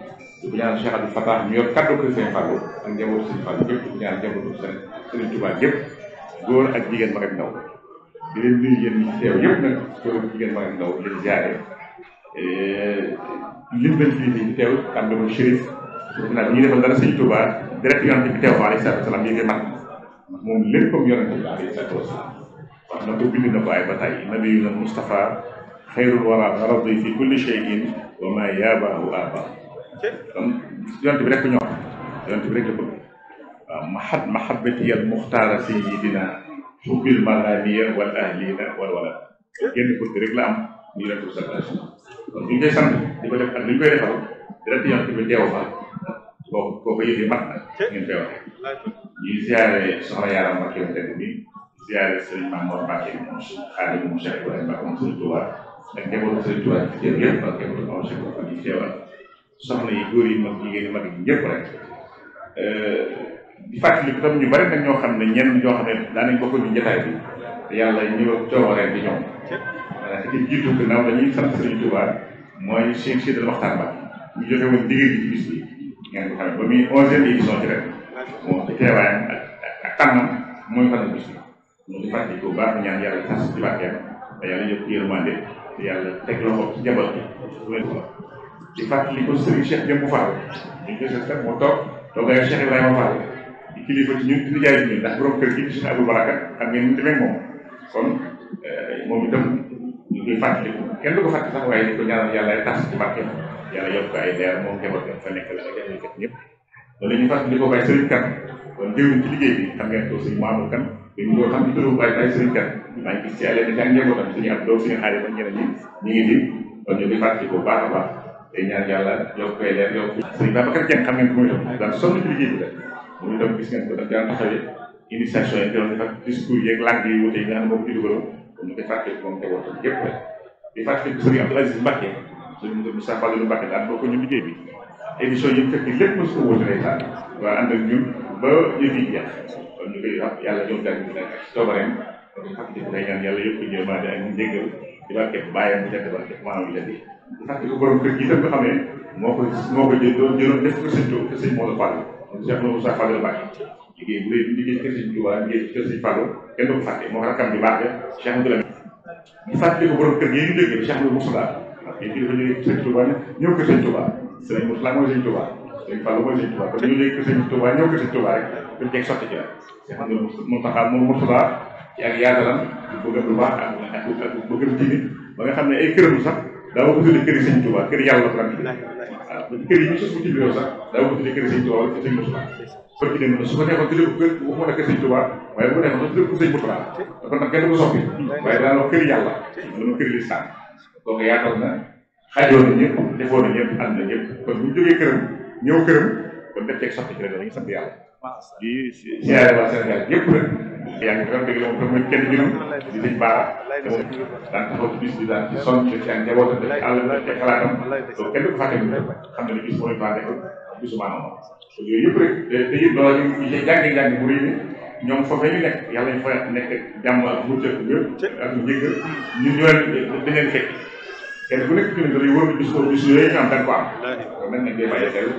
di ñaan Cheikh Abdou Fatah mi yor kaddu kër Sëñ Fallou ak njabootu Sëñ Fallou ñëpp di ñaan njabootu Sëñ Tuubaa yëpp góor ak jigéen mag ak ndaw di leen nuyu yéen ñi teew yëpp nag góor ak jigéen mag ak ndaw di leen jaare eh, lim benn kii bi ñu teew tam dama chérif defe naa ñu defal dara Sëñ Tuubaa direct yonent bi teew fa alayhi salaatu salaam yi nga mag moom lépp comme yonent bi alayhi salaatu wasalaam wax na ko bind na ko ay bataay nabiyul Mustafa xayrul wara rabbi fi kulli shay'in wa ma yabahu abaa yonent bi rek ñor yonent bi rek la bëgg waaw mahat mahabbati al muxtaara sayidina xubbil malamiya wal ahlina wal wala génn kurti rek la am ñu yonent bi sallallahu alayhi wasallam kon ñu ngi koy sant di ko def ak ni ñu koy defal direct yonent bi teew fa kooku kooku yëf yi mat na ngeen koy waxee ñuy ziare soxna yaaram Mbacke Mbacke bi ziare sëriñ Mamour Mbacke moom xaalis moom Cheikh Ibrahima Mbacke moom sëriñ Touba ak njabootu sëriñ Touba ci teew yëpp ak njabootu moom Cheikh Ibrahima teewal soxna yi góor yi mag jigéen yi mag yi ñëpp rek euh, di fàttali tam bari nag ñoo xam ne ñenn ñoo xam ne daanañ ko ko ñu ñu coowaree bi ñoom voilà euh, te jiitu gannaaw dañuy sant Sëriñ Tuubaa mooy seen siidal waxtaan ba ba muy onzième édition ci ren ko ñaan yàlla tas ci barkeem yàlla yëpp yërmande te yàlla teg loxo ci jabal bi di fàttali ko sëriñ Cheikh Jëmbu Fall di ko sëriñ Cheikh moo toog toogaay Cheikh Ibrahima Fall di kilifa ci ñun di jaay ñun ndax borom kër gi di suñu Abou Baraka xam ngeen ñu demee moom kon moom itam ñu kenn du fa nekk la nga jëlee kat ñëpp loolu la ñuy fàttali ko waaye sëriñ kan kon ko sëriñ Mamadou kan dañ koo xam ci turu waaye waaye sëriñ kan maa ngi gis ci yàlla ni kan njabootam di kon ñu di fàttali ko baax a baax day ñaan yàlla yokk koy leer yokk sëñ Babacar Dieng xam ngeen ko muy def daan sonn ci liggéey bi la muy dem gis ngeen ko daf daan taxawee initiation yi doon def ak discours yeeg làkk yi wute yi nga xam ne moom ci dugaloon kon ñu koy fàttali moom te woote yëpp rek di fàttali ko sëriñ Abdou Aziz Mbacke sëriñ Moussa Fallou Mbacke daan bokk ñu liggéey bi émission yi mu fekk lépp mos ko wóote lay taal waa ànd ak ñun ba yëf yi jeex kon ñu koy wax yàlla ñoom daal di nekk soobareem kon fàttali ko day ñaan yàlla yëpp ñëw maa di ak njëgal di barke bàyyam bu jàkk barke maanaam la bi ndax li ko borom kër gi itam nga xam ne moo ko moo ko jël doon jëloon def ko sëñ Tuubaa te sëñ Moodu Fall Cheikh Moodu Sa Fall Mbacké liggéey bu rëy liggéey kër sëñ Tuubaa liggéey kër sëñ Fallu kenn du ko fàtte moo rakkam bi baax ga Cheikh Moodu Lamin ñu fàttali ko borom kër gi ñu dégg Cheikh Moodu Moussa yéen kii dafa ñëw sëñ Tuubaa ne ñëw kër sëñ Tuubaa sëñ Moussa mooy sëñ Tuubaa sëñ Fallu mooy sëñ Tuubaa kon ñu dégg kër sëñ Tuubaa ñëw kër sëñ Tuubaa rek dañ jeg sotti ci la Cheikh Moodu Moussa moom Moussa ci ak yaatalam bëgg lu baax ak bëgg diine ba nga xam ne ay këram sax daa ko tuddee këri sëñ Tuubaa këri yàlla la ko daan waaw kër yi ñu sëñ bi sax daaw ko tuddee këri sëñ Tuubaa wala sëñ Moussa parce que su ko nekkoon tuddee ko kër waxuma la kër waaye bu ko nekkoon tuddee ko sëñ Moussa kon nag ko soppi na xajoon na ñëpp na ñëpp ànd na ñëpp kon bu ñu jógee këram ñëw këram kon def ceeg soppi ci rek dañuy yàlla di siyaare waa Sénégal yëpp yaa ngi doon déglu moom tamit kenn gënu di liñ baara moom daan taxaw ci bis bi daan ci sonn ci seen njabootam def ci àll bi ci xalaatam loolu kenn du ko fàtte ñu xam ne bis mooy baax rek bisu maanaam kon yooyu yëpp rek te it loolu ñu jàngi jàngi bu rëy ñoom foofee ñu nekk yàlla ñu fa nekk jàmm ak mucc ak wér di bis ko bis yooyu ñu am da ko am kon nag nañ koy bàyyi xel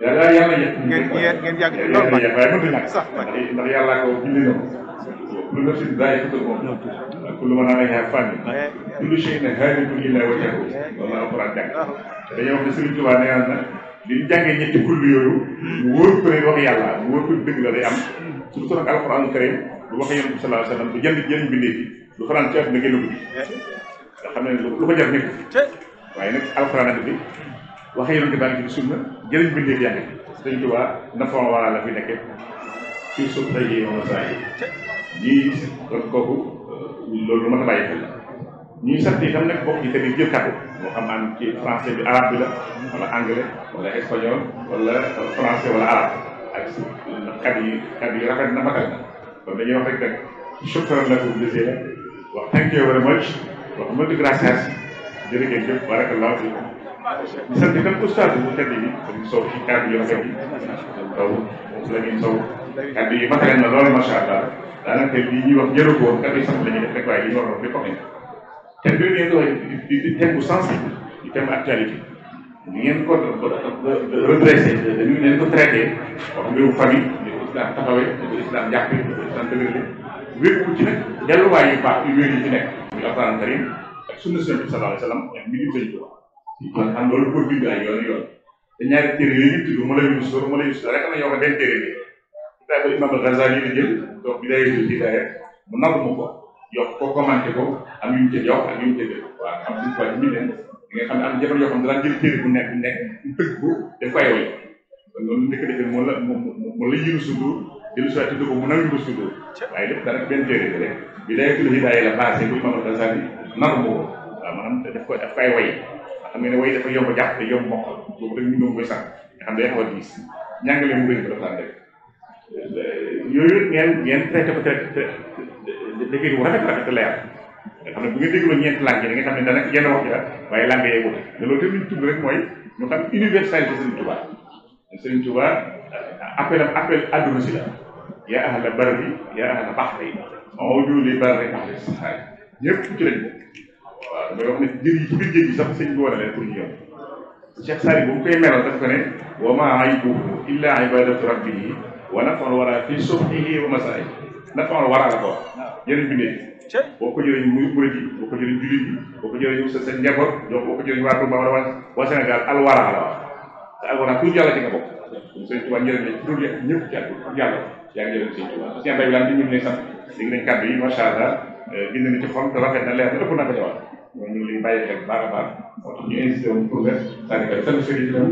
yàlla yàlla yàq. ngeen ngeen yàgg ci loolu baax ngeen sax ndax yàlla ko julli na ko. lu nafsin daa'iqatul mawt. kullu man alayha fan. kullu shay'in halikun illa wajhahu. loolu alquran jàng. dañoo wax ne Serigne Touba nee na li ñu jàngee ñetti kullu yooyu. mu wóor ko ne wax yàlla mu wóor ko dëgg la am. surtout nag alquran karim lu wax yonent bi sallallahu alayhi wa sallam du jënd jëriñ bindee fi du fanaan ci àdduna lu ko nekk. waaye nag alquran ak waxee yoon baa ngi ci sunna jëriñ bindee yaa ngi ci sëñ Tuubaa nafoon wala la fi nekke ci suuf tey jii wala saa yi ñuy kon kooku euh, loolu lu ma la bàyyi xel la ñuy sant itam nag bokk yi tamit jël kàddu moo xam am ci français bi arabe bi la wala anglais wala espagnol wala euh, français wala arabe ak su kàddu yi kàddu yi rafet na matal na kon dañuy wax rek nag shukran lakum jazilan wax thank you very much wax ma di gracias jërëjëf jëf barakallahu di sant itam oustaz bu tedd bi Serigne Sow ci kàddu yu rafet yi taw Lamine Sow kàddu yi matale na loolu macha allah daanaka lii ñuy wax njëriñ ko woon kàddu sant la ñuy waaye li ñu war a wax di ko xëy te bi ngeen di wax di di ni ngeen ko redressé wax mbiru famille islam taxawee ni islam jàppee ni ko islam dëgërle wér wu ci nag delluwaay yu baax yu wér yi ci nekk muy alquran karim ak sunna sëñ bi sallallahu alayhi wa sallam ak mbiru kon xam loolu pour bind ay yoon yoon te ñaari téere yooyu ñu tudd mu lay yus mu lay yus rek am na yoo xam ne benn téere bi daa ko imam al-Ghazali di jël donc bi day yëngu ci rek mu naw mu ko yokk ko commenté ko am yu ñu ca yokk ak yu ñu ca def waaw am suñu fois ñu leen di nga xam ne am jamono yoo xam ne daan jël téere bu nekk bu nekk mu tëgg ko def ko ay way kon loolu nekk defee moo la moo la yëngu sudu jël soit tudd ko mu naw ko sudu waaye lépp daanaka benn téere bi rek bi day yëngu hidaaya la passé bu imam al-Ghazali naw mu ko waaw maanaam daf ko daf ko ay way xam nga ne way dafa yomb jàpp te yomb mokkal boobu dañu ñëw koy sax nga xam day xaw a diis ñàngale mu bëri ko dafa daan def yooyu ngeen ngeen traité ko traité dégg bu rafet rafet leer nga xam ne bu ngeen dégloo ñeenti langue yi nga xam ne dana yenn wax ji la waaye langue yee wute te loolu tamit tudd rek mooy ñu xam universalité Serigne Touba Serigne Touba appel am appel àdduna si la yaa ahla barri yaa ahla baxri ma mawjuli barri baxri ñëpp ci lañ waaw damay wax ne jër yi ci biir jër yi sax sëñ bi wane leen pour ñu yoon Cheikh Sari bu mu koy melal daf ko ne wa ma aybuhu illa ibadatu rabbihi wa nafal wara fi subhihi wa masaay nafal wara la ko wax jëriñ bi nekk boo ko jëriñ muy murid yi boo ko jëriñ jullit yi boo ko jëriñ sa sa njaboot donc boo ko jëriñ waa Touba wala waa Sénégal alwara la wax te alwara tur yàlla ci nga bokk kon sëñ Touba njëriñ la tur ñëpp ci àdduna yàlla yaa ngi jëriñ sëñ Touba sëñ Abdoulaye Wilane di ñu ne sax dégg nañ kàddu yi macha allah gis eh, nañ ci xol te rafet na leer na ëpp na ko ci wax ñoo ñu ngi bàyyi xel baax a baax moo tax ñu insisté woon pour nga sànni xam ne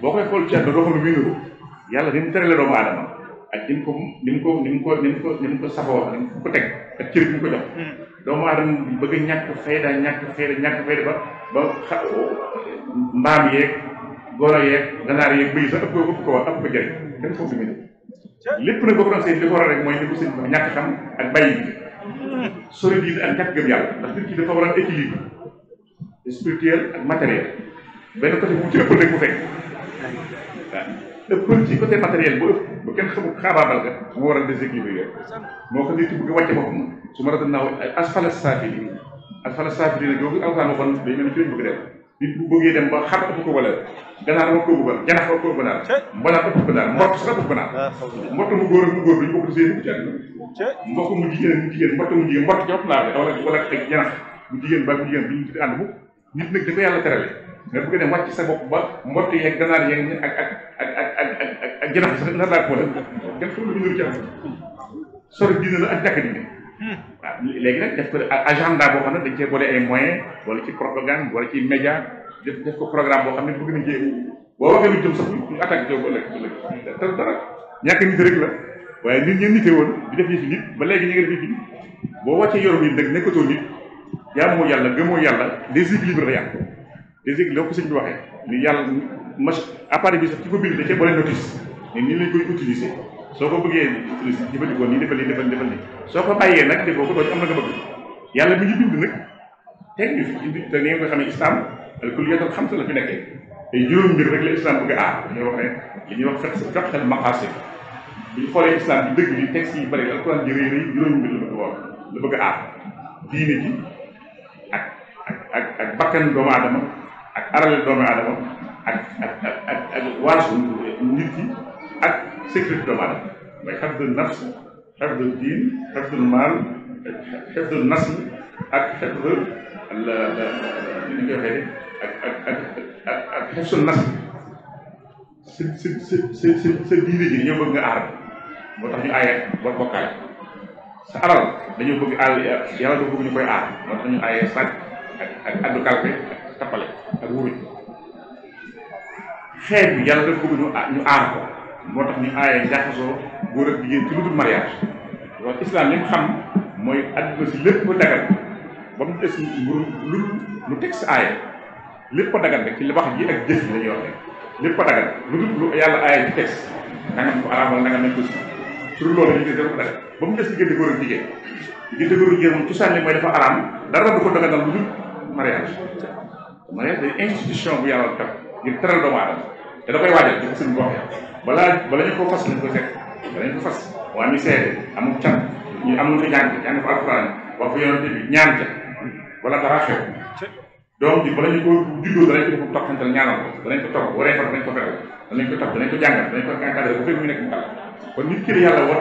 boo koy xool ci àdduna yàlla ni mu ko ko ni mu teg ak cër bi mu ko a ñàkk fayda mbaam yeeg golo yeeg ganaar yeeg bëy sax ëpp ko ëpp ko wax ëpp ko jëriñ dem foofu mu ne lépp nag bokk na seen li ko war a rek mooy li ko sëñ bi ñàkk xam ak bàyyi bi sori diine ak ñàkk gëm yàlla ndax nit ki dafa war a équilibre spirituel ak matériel benn côté bu mu ci ëppal rek mu fekk waaw matériel bu ëpp bu kenn xamul xaabaabal ga moo war a déséquilibré moo ko nit ki bëgg a wàcce boppam su ma rafetlu naa asfala saafili asfala saafili nag yooyu alxuraan waxoon day mel ni ci lañ bëgg a nit bu bëggee dem ba xar ëpp ko wala ganaar ëpp ko bu ganaar janax ëpp ko ganaar mbalaat ëpp ko ganaar mbott sax ëpp ah, ganaar mbott mu góor ak mu góor duñu bokk seen bu jàng mbokk mu jigéen mu jigéen mbott mu jigéen mbott ci ëpp laa wala wala ak janax mu jigéen ba mu jigéen duñu ci ànd bu nit nag da ko yàlla terale nga bëgg dem wàcc sa bopp ba mbott yeeg ganaar yeeg ak ak ak ak ak ak ak janax sax na laa ko wala kenn xam lu ñu ci am sori diine la ak jàkk waaw hmm. léegi nag def ko agenda boo xam ne dañ cee boole ay moyens wala ci propagande wala ci média def def ko programme boo xam ne bëgg nañ cee boo waxee lu jëm sax ñu attaque coow ba léegi nit rek waaye nit ñeen nite woon di def yëfi nit ba léegi ñu ngi def yëfi nit boo wàccee yorom yi dëgg nekkatoo nit yaa moo yàlla gëmoo yàlla déséquilibre la yàq déséquilibre ko sëñ bi waxee ni yàlla mach appareil bi sax ci ko bind da cee boole notice ni nii lañ koy utiliser soo ko bëggee jëfandikoo nii defal lii defal defal lii soo ko bàyyee nag defoo ko doo ci am la bëgg yàlla bi ngi bind nag teg ñu fi bind te ni nga ko xamee islam al kulliyat al xamsa la fi te juróom mbir a aar ah dañuy wax ne li ñuy wax fexe fexe al maqasid bu ñu xoolee islam bi bi texte yi bëri alquran ji rëy rëy juróom mbir la bëgg woon ah diine ji ak ak ak bakkan doomu aadama ak arale doomu aadama ak ak ak ak waasu nit ki sécurité doomu aadama mooy xefdul nafs xefdul diin xefdul maal xefdul nasl ak xefdul la la li ñu koy waxee ak ak ak ak ak xefdul nasl sa sa sa sa sa diine ji dañoo bëgg nga aar moo tax ñu aaye bor bokkaale sa alal dañoo bëgg aar yàlla dafa bëgg ñu koy aar moo tax ñu aaye sàcc ak ak addu kalpe ak tappale ak wuruj xeet bi yàlla dafa bëgg ñu aar ko moo tax ñu aaye jaxasoo góor ak jigéen ci lu dul mariage loolu islam li mu xam mooy adduna si lépp dagal ba mu des mburu lu lu teg si aaye lépp dagal rek ci li wax ji ak jëf la ñuy wax rek lépp dagal lu dul lu yàlla aaye ci teg da nga ko araamal da nga nañ ko si loolu ñu dafa dagal ba mu des diggante góor ak jigéen diggante góor ak mooy dafa araam dara du ko daganal lu dul mariage mariage day institution bu yàlla teg ngir teral doomu aadama te da koy waajal di ko suñu bopp balaa bala ñu ko fas nañ ko teg bala ñu ko fas waa ñu seede amul can ñu amul ko jàng jàng ko alxuraan wax fi yonente bi ñaan ca wala dara xew doom ji bala ñu ko juddoo danañ ko def toppanteel ñaanal ko danañ ko topp waree fa danañ ko fexe danañ ko topp danañ ko jàngal danañ ko encadré bu fekk mu nekk mu xel kon nit ki yàlla war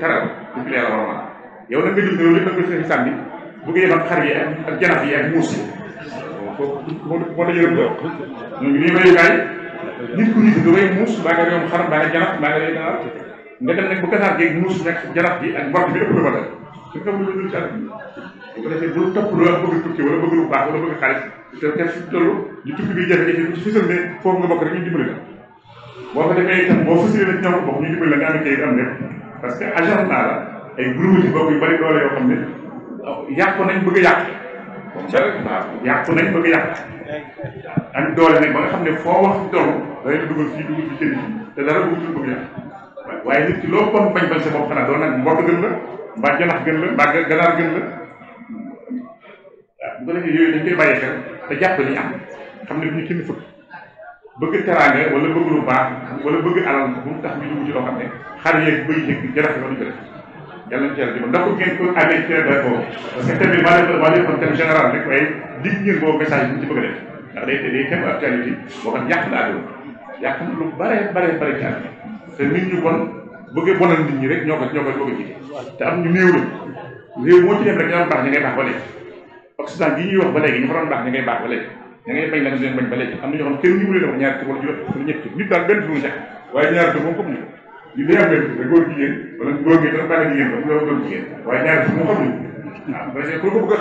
teral nit ki yàlla war a mën yow nag nga jël loolu lépp nag ko xisaab bi bu ko yebal xar yi ak ak yi ak muus yi moo moo dañu rëb ñu ngi nii mayukaay nit ku nit nga wéy muus baa nga yom xar baa nga janax baa nga yom ganaar nga dem nag bu ganaar gi muus nekk janax bi ak bor bi ëpp la ba def su ko lu dul ci àdduna bu ko defee bul topp lu baax nga defee itam boo fësalee rek ñoom nga am kayit parce que agent naa la ay groupe ci bokk yu bari doole yoo xam ne yàqu nañ bëgg a yàq yàqu nañ bëgg a yàq ak doole nag ba nga xam ne foo wax ci doom danañ dugal fii dugal fi jëriñ te dara bëgg tudd bëgg yàq waaye nit ki loo bon bañ bañ sa bopp xanaa doon nag mbott gën dañ koy bàyyi xel te jàpp li am xam ne bu ñu kenn fëkk bëgg teraanga wala bëgg lu baax wala bëgg alal bu tax ñu dugg ci loo xam ne xar yeeg bëy yeeg janax la duñ ko yàlla na ci yàlla jubal ndax ngeen ko amee ci rek boobu parce que thème bi maa leen maa leen xam thème général rek waaye a def ndax day day thème na lu te nit ñu bon bëgg bonal nit ñi rek ñoo ko ñoo ko bëgg a jiite te am ñu néew la réew moo ci dem rek ña doon baax ñi baax ba léegi occident bi ñuy wax ba léegi ñu fa doon baax bañ la leen xam kenn ñu wule dafa ñaari tur wala juróom nit daal benn tur ñu waaye ñaari tur moom comme li li am rek góor jigéen wala góor a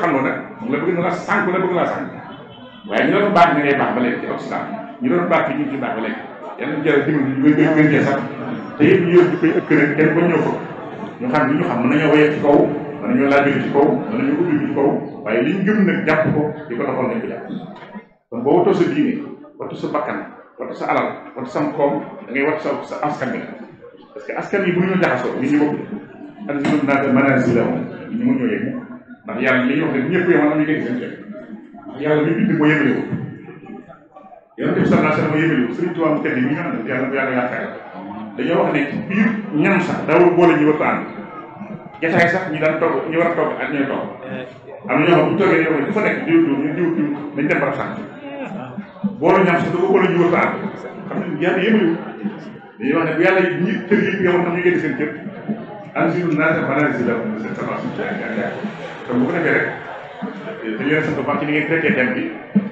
xamloo nag mu la bëgg na la sànq la bëgg laa sànq waaye ñu doon baax ne ngay baax ba léegi ci Occident ñu doon baax ñu ci baax koy gën sax te yëpp ñu yëpp di ko ñëw ko ñu xam li ñu xam mën nañoo woyee ci kaw mën nañoo laajoo ci kaw mën nañoo ubbi ci kaw waaye li ñu gëm jàpp ko di ko doxal nañ ko jàpp kon boo watoo sa diine watoo sa bakkan watoo sa alal watoo sam koom da ngay sa sa askan bi parce que askan yi bu ñu jaxasoo li ñu bokk adduna naata manage bi la woon ñu mën ñoo yegg ndax yàlla li ñuy wax ne ñëpp yow am ñu dégg seen ndax yàlla mi bind moo yëmale ko yonent bi sallallahu alayhi wa sallam moo yëmale ko Sëriñ Tuubaa mu tedd yi nga xam ne yàlla yàlla yaakaar dañoo wax ne ci biir ñam sax daawul boole ñu war tànn jataay sax ñu daan togg ñu war a togg ak ñooy togg am na ñoo xam bu ñu toogee yow ku fa nekk diw diw ñu diw diw dañ dem barab sax boole ñam sax da ko boole ñu war tànn xam ne yàlla yëmale dañuy wax ne bu yàlla ñi kër yëpp yow tam ñu génn seen kër am si ñun naaj ak si la seen semence bi jaay kon bu ko defee rek ngeen traité bi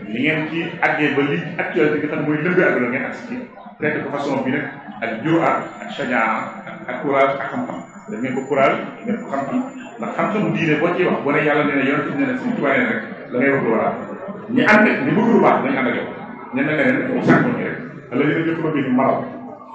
ni ngeen ci àggee ba li actualité nga xam mooy lëmbee àdduna ngeen ko façon bi nag ak juróom ak sajaa ak courage ak xam-xam def ngeen ko courage xam-xam ndax xam boo ciy wax boo ne yàlla nee na yonent nee rek la ngay wax lu war a ñu ànd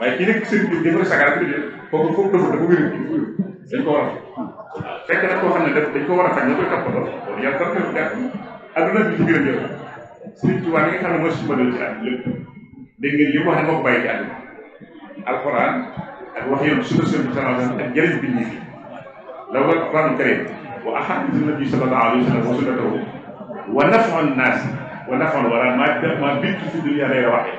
waaye kii nag sëriñ bi dafa sagar ak kooku foofu dafa dafa wér dañ ko war a fekk nag koo xam ne dañ ko war a faj nga koy toppatoo loolu yàlla dara ko gàtt adduna bi ci gën a jël sëriñ Tuubaa li nga xam ne mooy suba ci at lépp dégg ngeen li mu wax ne moo ko bàyyi ci àdduna alxuraan ak wax yoon sunna sëriñ bi sallallahu alayhi wasallam ak jëriñ bi ñu fi la war alxuraan karim wa ahadithu nabi sallallahu alayhi wasallam wa sunnatahu wa naf'u an-nas wa naf'u al-wara ma ma bintu fi dunya lay waxee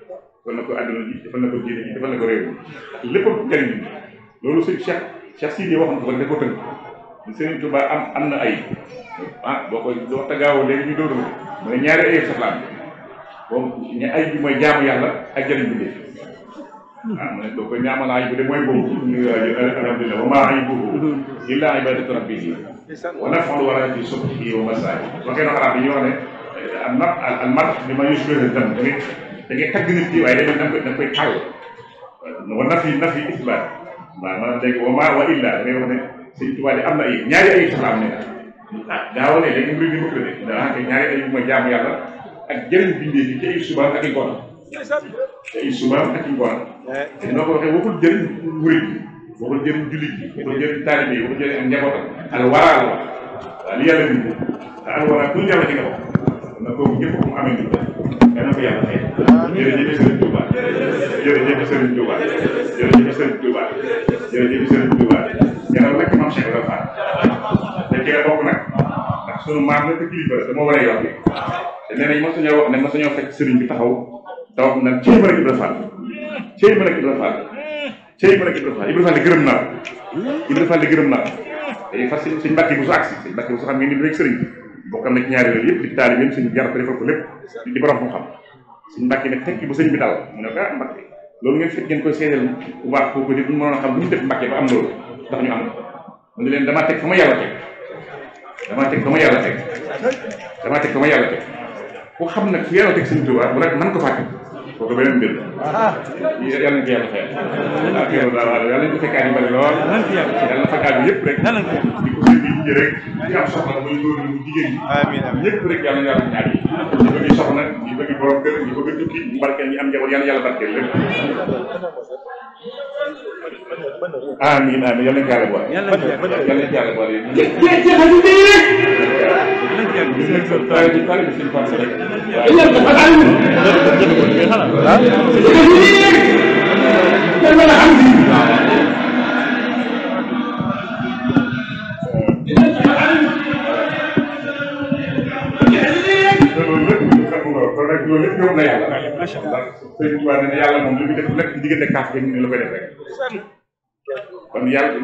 defal na ko àdduna bi defal na ko diine bi defal na ko réew mi lépp njëriñ loolu sëñ Cheikh Cheikh Sidi wax na ko ne ko tënk sëriñ Touba am am na ay ah boo koy wax te gaawoo léegi ñu dóoru mooy ñaari ayib sax la am boo ña ayib bi mooy jaamu yàlla ak jëriñ bi dee waaw ah, mu ne boo koy ñaamal ayib bi de mooy boobu alhamdulilah wa maa ayibuhu illa ibadatu rabbihi wa nafxalu wala fi subhi wa masaay waxee na xaraat yi ñu wax ne eh, al mar al mar bi ma yushbihu dam tamit da ngay tagg nit ki waaye da nga koy da nga koy xàll wa naf yi naf yi isbaat waaw maanaam léegi wa maa wa illaa da ngay wax ne sëñ Tuubaa de am na ayib ñaari ayib sax am ne ah daawalee léegi mbir mi bëgg na de daanaka ñaari ayib mooy jaamu yàlla ak jëriñ bindee fi ci ayib subaam ak i ngoon ci ayib subaam ak i ngoon te eh. noo ko waxee jëriñ murit bi waxul jëriñ jullit yi waxul jëriñ ak njabootam al waraa la wax waaw yàlla bind al waraa ku yàlla wax kon dana ko yàlla fay jërëjëf Serigne Touba jërëjëf Serigne Touba jërëjëf Serigne Touba jërëjëf Serigne Touba yaram nag maam Cheikh Ibra Fall te cee bokk nag ndax sunu maam la te kilifa la dama war a yokk te nee nañ ma suñoo wax ne ma suñoo fekk Serigne bi taxaw taw nag cee bëri Ibra Fall cee bëri Ibra Fall cee bëri Ibra Fall Ibra Fall gërëm naa Ibra Fall gërëm naa day fas suñ mbàkk bu su agsi suñ mbàkk bu su xam ngeen ni rek Serigne bi bokk am na ci ñaari yooyu yëpp di taalibeem suñu jar ko defal ko lépp di borom xam xam suñu mbàkk yi nag tekki ba sëñ bi dal mu ne ko ah loolu ngeen fekk ngeen koy seedeel bu baax kooku di duñ mënoon xam def am loolu ndax ñu am mu ne leen damaa teg fa ma yàlla teg damaa teg fa ma yàlla teg damaa teg fa ma yàlla teg xam nag fu yàlla teg suñu tubaab bu nag nan ko fàtte kooku beneen mbir yàlla nañ ko yàlla fayal ak yow daal waaye yàlla nañ ko fekkaat yi bari lool yàlla na fekkaat bi yëpp rek di ko sëñ bi rek di am soxna muy góor ñi mu jigéen ñi ñëpp rek yàlla yàlla ñaar yi ñu bëgg soxna ñu bëgg borom kër ñu bëgg tukki ñu barkeel ñu am njaboot yàlla yàlla barkeel lépp amiin amiin yal nañu yàlla boole. yal nañu yàlla boole yal nañu yàlla boole. jërëjëf jërëjëf loolu kon nag loolu lépp ñëw na yàlla ndax sëñ Tuubaa nee na yàlla moom li muy la koy def rek kon yàlla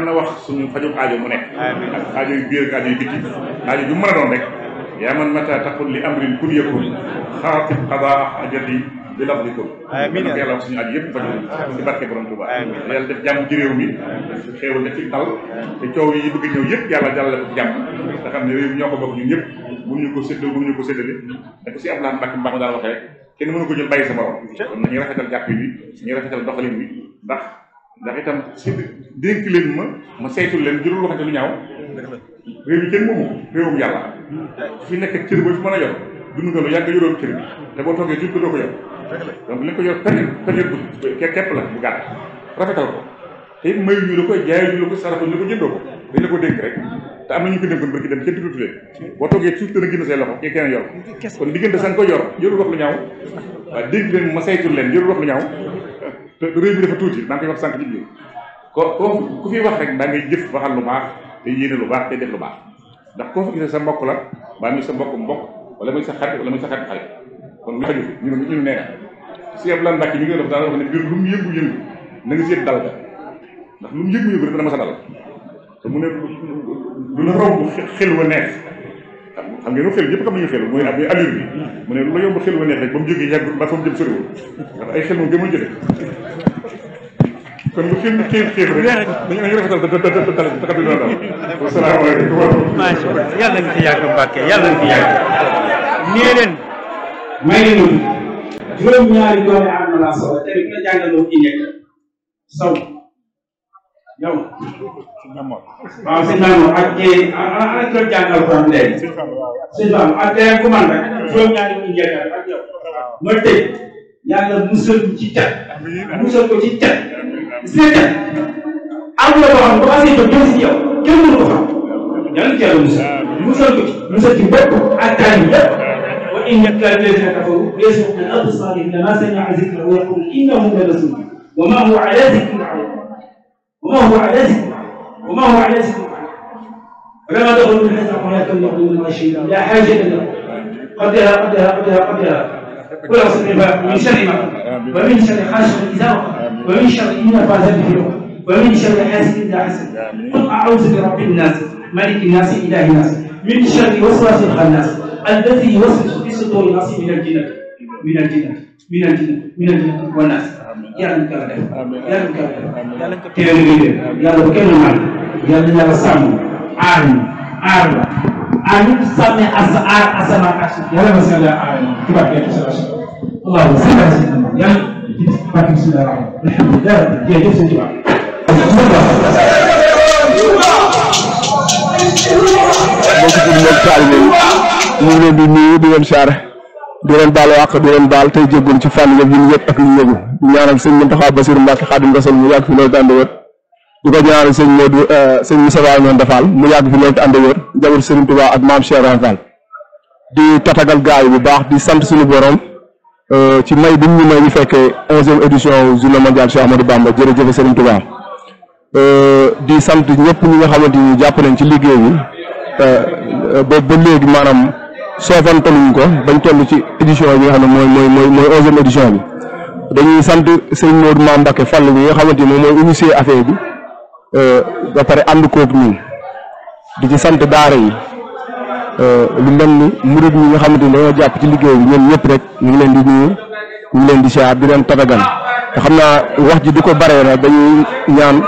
lu mu wax suñu fajum aajo mu nekk ak aajo yu biir ak aajo yu bitti aajo ju mu mën a doon rek yaa man mata taqul li amrin kun yakun xaatib qadaa ajati di la di ko amiin yàlla wax suñu at yëpp faj ci barke borom Touba yàlla def jàmm mi xéewal def ci dal te coow yi bëgg ñëw yëpp yàlla jàllale ko jàmm te xam ne réew ñoo ko bokk ñun ñëpp mënuñu ko séddoo mënuñu ko séddale da ko si ab laan mbàkk mbaax ma daal waxee rek kenn mënu ko jël bàyyi sa borom kon nañu rafetal jàpp bi ñu rafetal doxalin bi ndax ndax itam si dénk leen ma ma saytul leen jurul waxante lu ñaaw réew mi kenn moomu réewum yàlla fi nekk ak cër boo fi mën a yor dund nga lu yàgg yoroon cër bi te boo toogee jur ko doo ko yor donc li ko yor période période bu képp la bu gàtt rafetal ko te it mayu ñu la koy jaayu ñu la ko sarafa ñu la ko ko dañ te am na ñu ko dénkoon barki dem kenn du ko tuddee boo toogee suuf dana kenn yor kon diggante san ko yor tuuti maa ngi koy wax sànq ko ko ku wax rek da ngay jëf waxal lu baax te yéene baax te def lu baax ndax koo sa mbokk la mbaa muy sa mbokk mbokk wala muy sa xarit wala muy sa xarit xarit kon lu xaju ne ñu nee na si ñu ngi def daal wax ne na nga seet dal ga ndax lu mu yëngu-yëngu rek ma sa dal te mu ne lu la romb xel wa neex xam ngeen xel yëpp xam nañu xel mooy mooy allure bi mu ne lu la yomb xel wa neex rek ba mu jógee yàggul ba fa mu jëm soriwul ndax ay xel moom gëmul jële kon bu kenn xeeb xeeb rek dañu dañu rafetal te te te te xam ne daal wasalaamaaleykum macha allah yàlla nga fi yàgg Mbàkke yàlla nga fi yàgg nee leen may leen juróom ñaari doomi am na laa soxla te bi nga jàngal moom ci nekk saw yow. waaw sëñ Mamour ak kii ana ah, ana ah, ah, ci doon jàngal alxuraan léegi. sëñ Mamour ak keneen ku man rek. juróom nga tëj ci cat. musal ci cat. gis nga cat. am na loo xam ne bu xasee jóg jëm si yow kenn mënu ko xam. yàlla ci yàlla musal. musal ko ci musal ci bépp ak taal yi yëpp. wa in yakkala alladina kafaru yasmu'u min absarihim lamma sami'u dhikrahu yaqulu innahu la wa ma huwa ala وما هو علاتكم وما هو علاتكم فلما دخلوا من حيث أمركم يقولون رشيدا لا حاجة لهم قدها قدها قدها قدها ولا صدق من شر ما ومن شر خاشق إذا وقع ومن شر إن فاز به ومن شر حاسد إذا حسد قل أعوذ برب الناس ملك الناس إله الناس من شر وسواس الخناس الذي يوسوس في صدور الناس من الجنة من الجنة minal dina minal dina wala yàlla ñu ko def yàlla ñu ko def teel a ngi def yàlla bu kenn mën yàlla ñu yàlla sàmm aar ñu aar la aar ñu sàmmee as aar asamaan ak suuf yàlla ma sàmmee aar ñu ci barke ak sa rasul allahumma salli ala sayyidina yàlla ci barke bismillah rahman alhamdulillah jërëjëf sëñ Tuubaa mbokk ci mbokk taalibe yi ñu ngi leen di nuyu di leen siyaare di leen baal wàq di leen baal tey jéggul ci fànn yëpp yin yëpp ak liñ yëgu ñaanal sëñ Muntaxa Basiru Mbàkke Xaadim Rasuul mu yàgg fi loolu te ànd wér di ko ñaanal sëñ Moodu eh, sëñ Moussa Ba ñoon defaal mu yàgg fi loolu te ànd wér jabar Sëriñ Tuubaa ak maam Cheikh Rafal di tatagal gaay bu baax di sant suñu borom eh, ci may bi ñu may ñu fekkee onzième édition journée mondiale Cheikh Ahmadou Bamba jërëjëf Sëriñ Tuubaa eh, di sant ñëpp ñi nga xamante ni jàpp nañ ci liggéey bi ba ba maanaam soofantaluñ ko bañ toll ci édition bi nga xam ne mooy mooy mooy mooy onzième édition bi dañuy sant sëñ Modou Mame Mbacke Fall mi nga xamante ni moom mooy initier affaire bi euh, ba pare ànd koog ñun di ci sant daara yi euh, lu mel ni murid ñi nga xamante ni dañoo jàpp ci liggéey bi ñoom ñëpp rek ñu ngi leen di nuyu ñu ngi leen di siyaar di leen tatagal te xam naa wax ji du ko baree na dañuy ñaan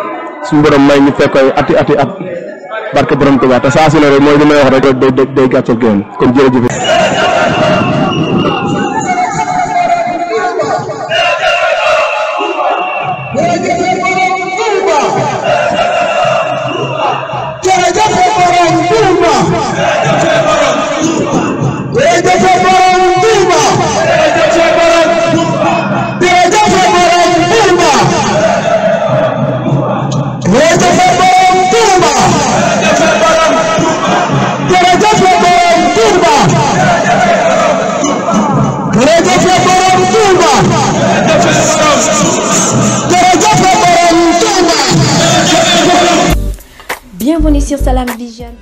suñu borom may ñu fekk ay ati ati at. barke borom Tuubaa te saa su ne rek mooy li may wax rek day day gàccal génn kon jërëjëf sur Salam Vision.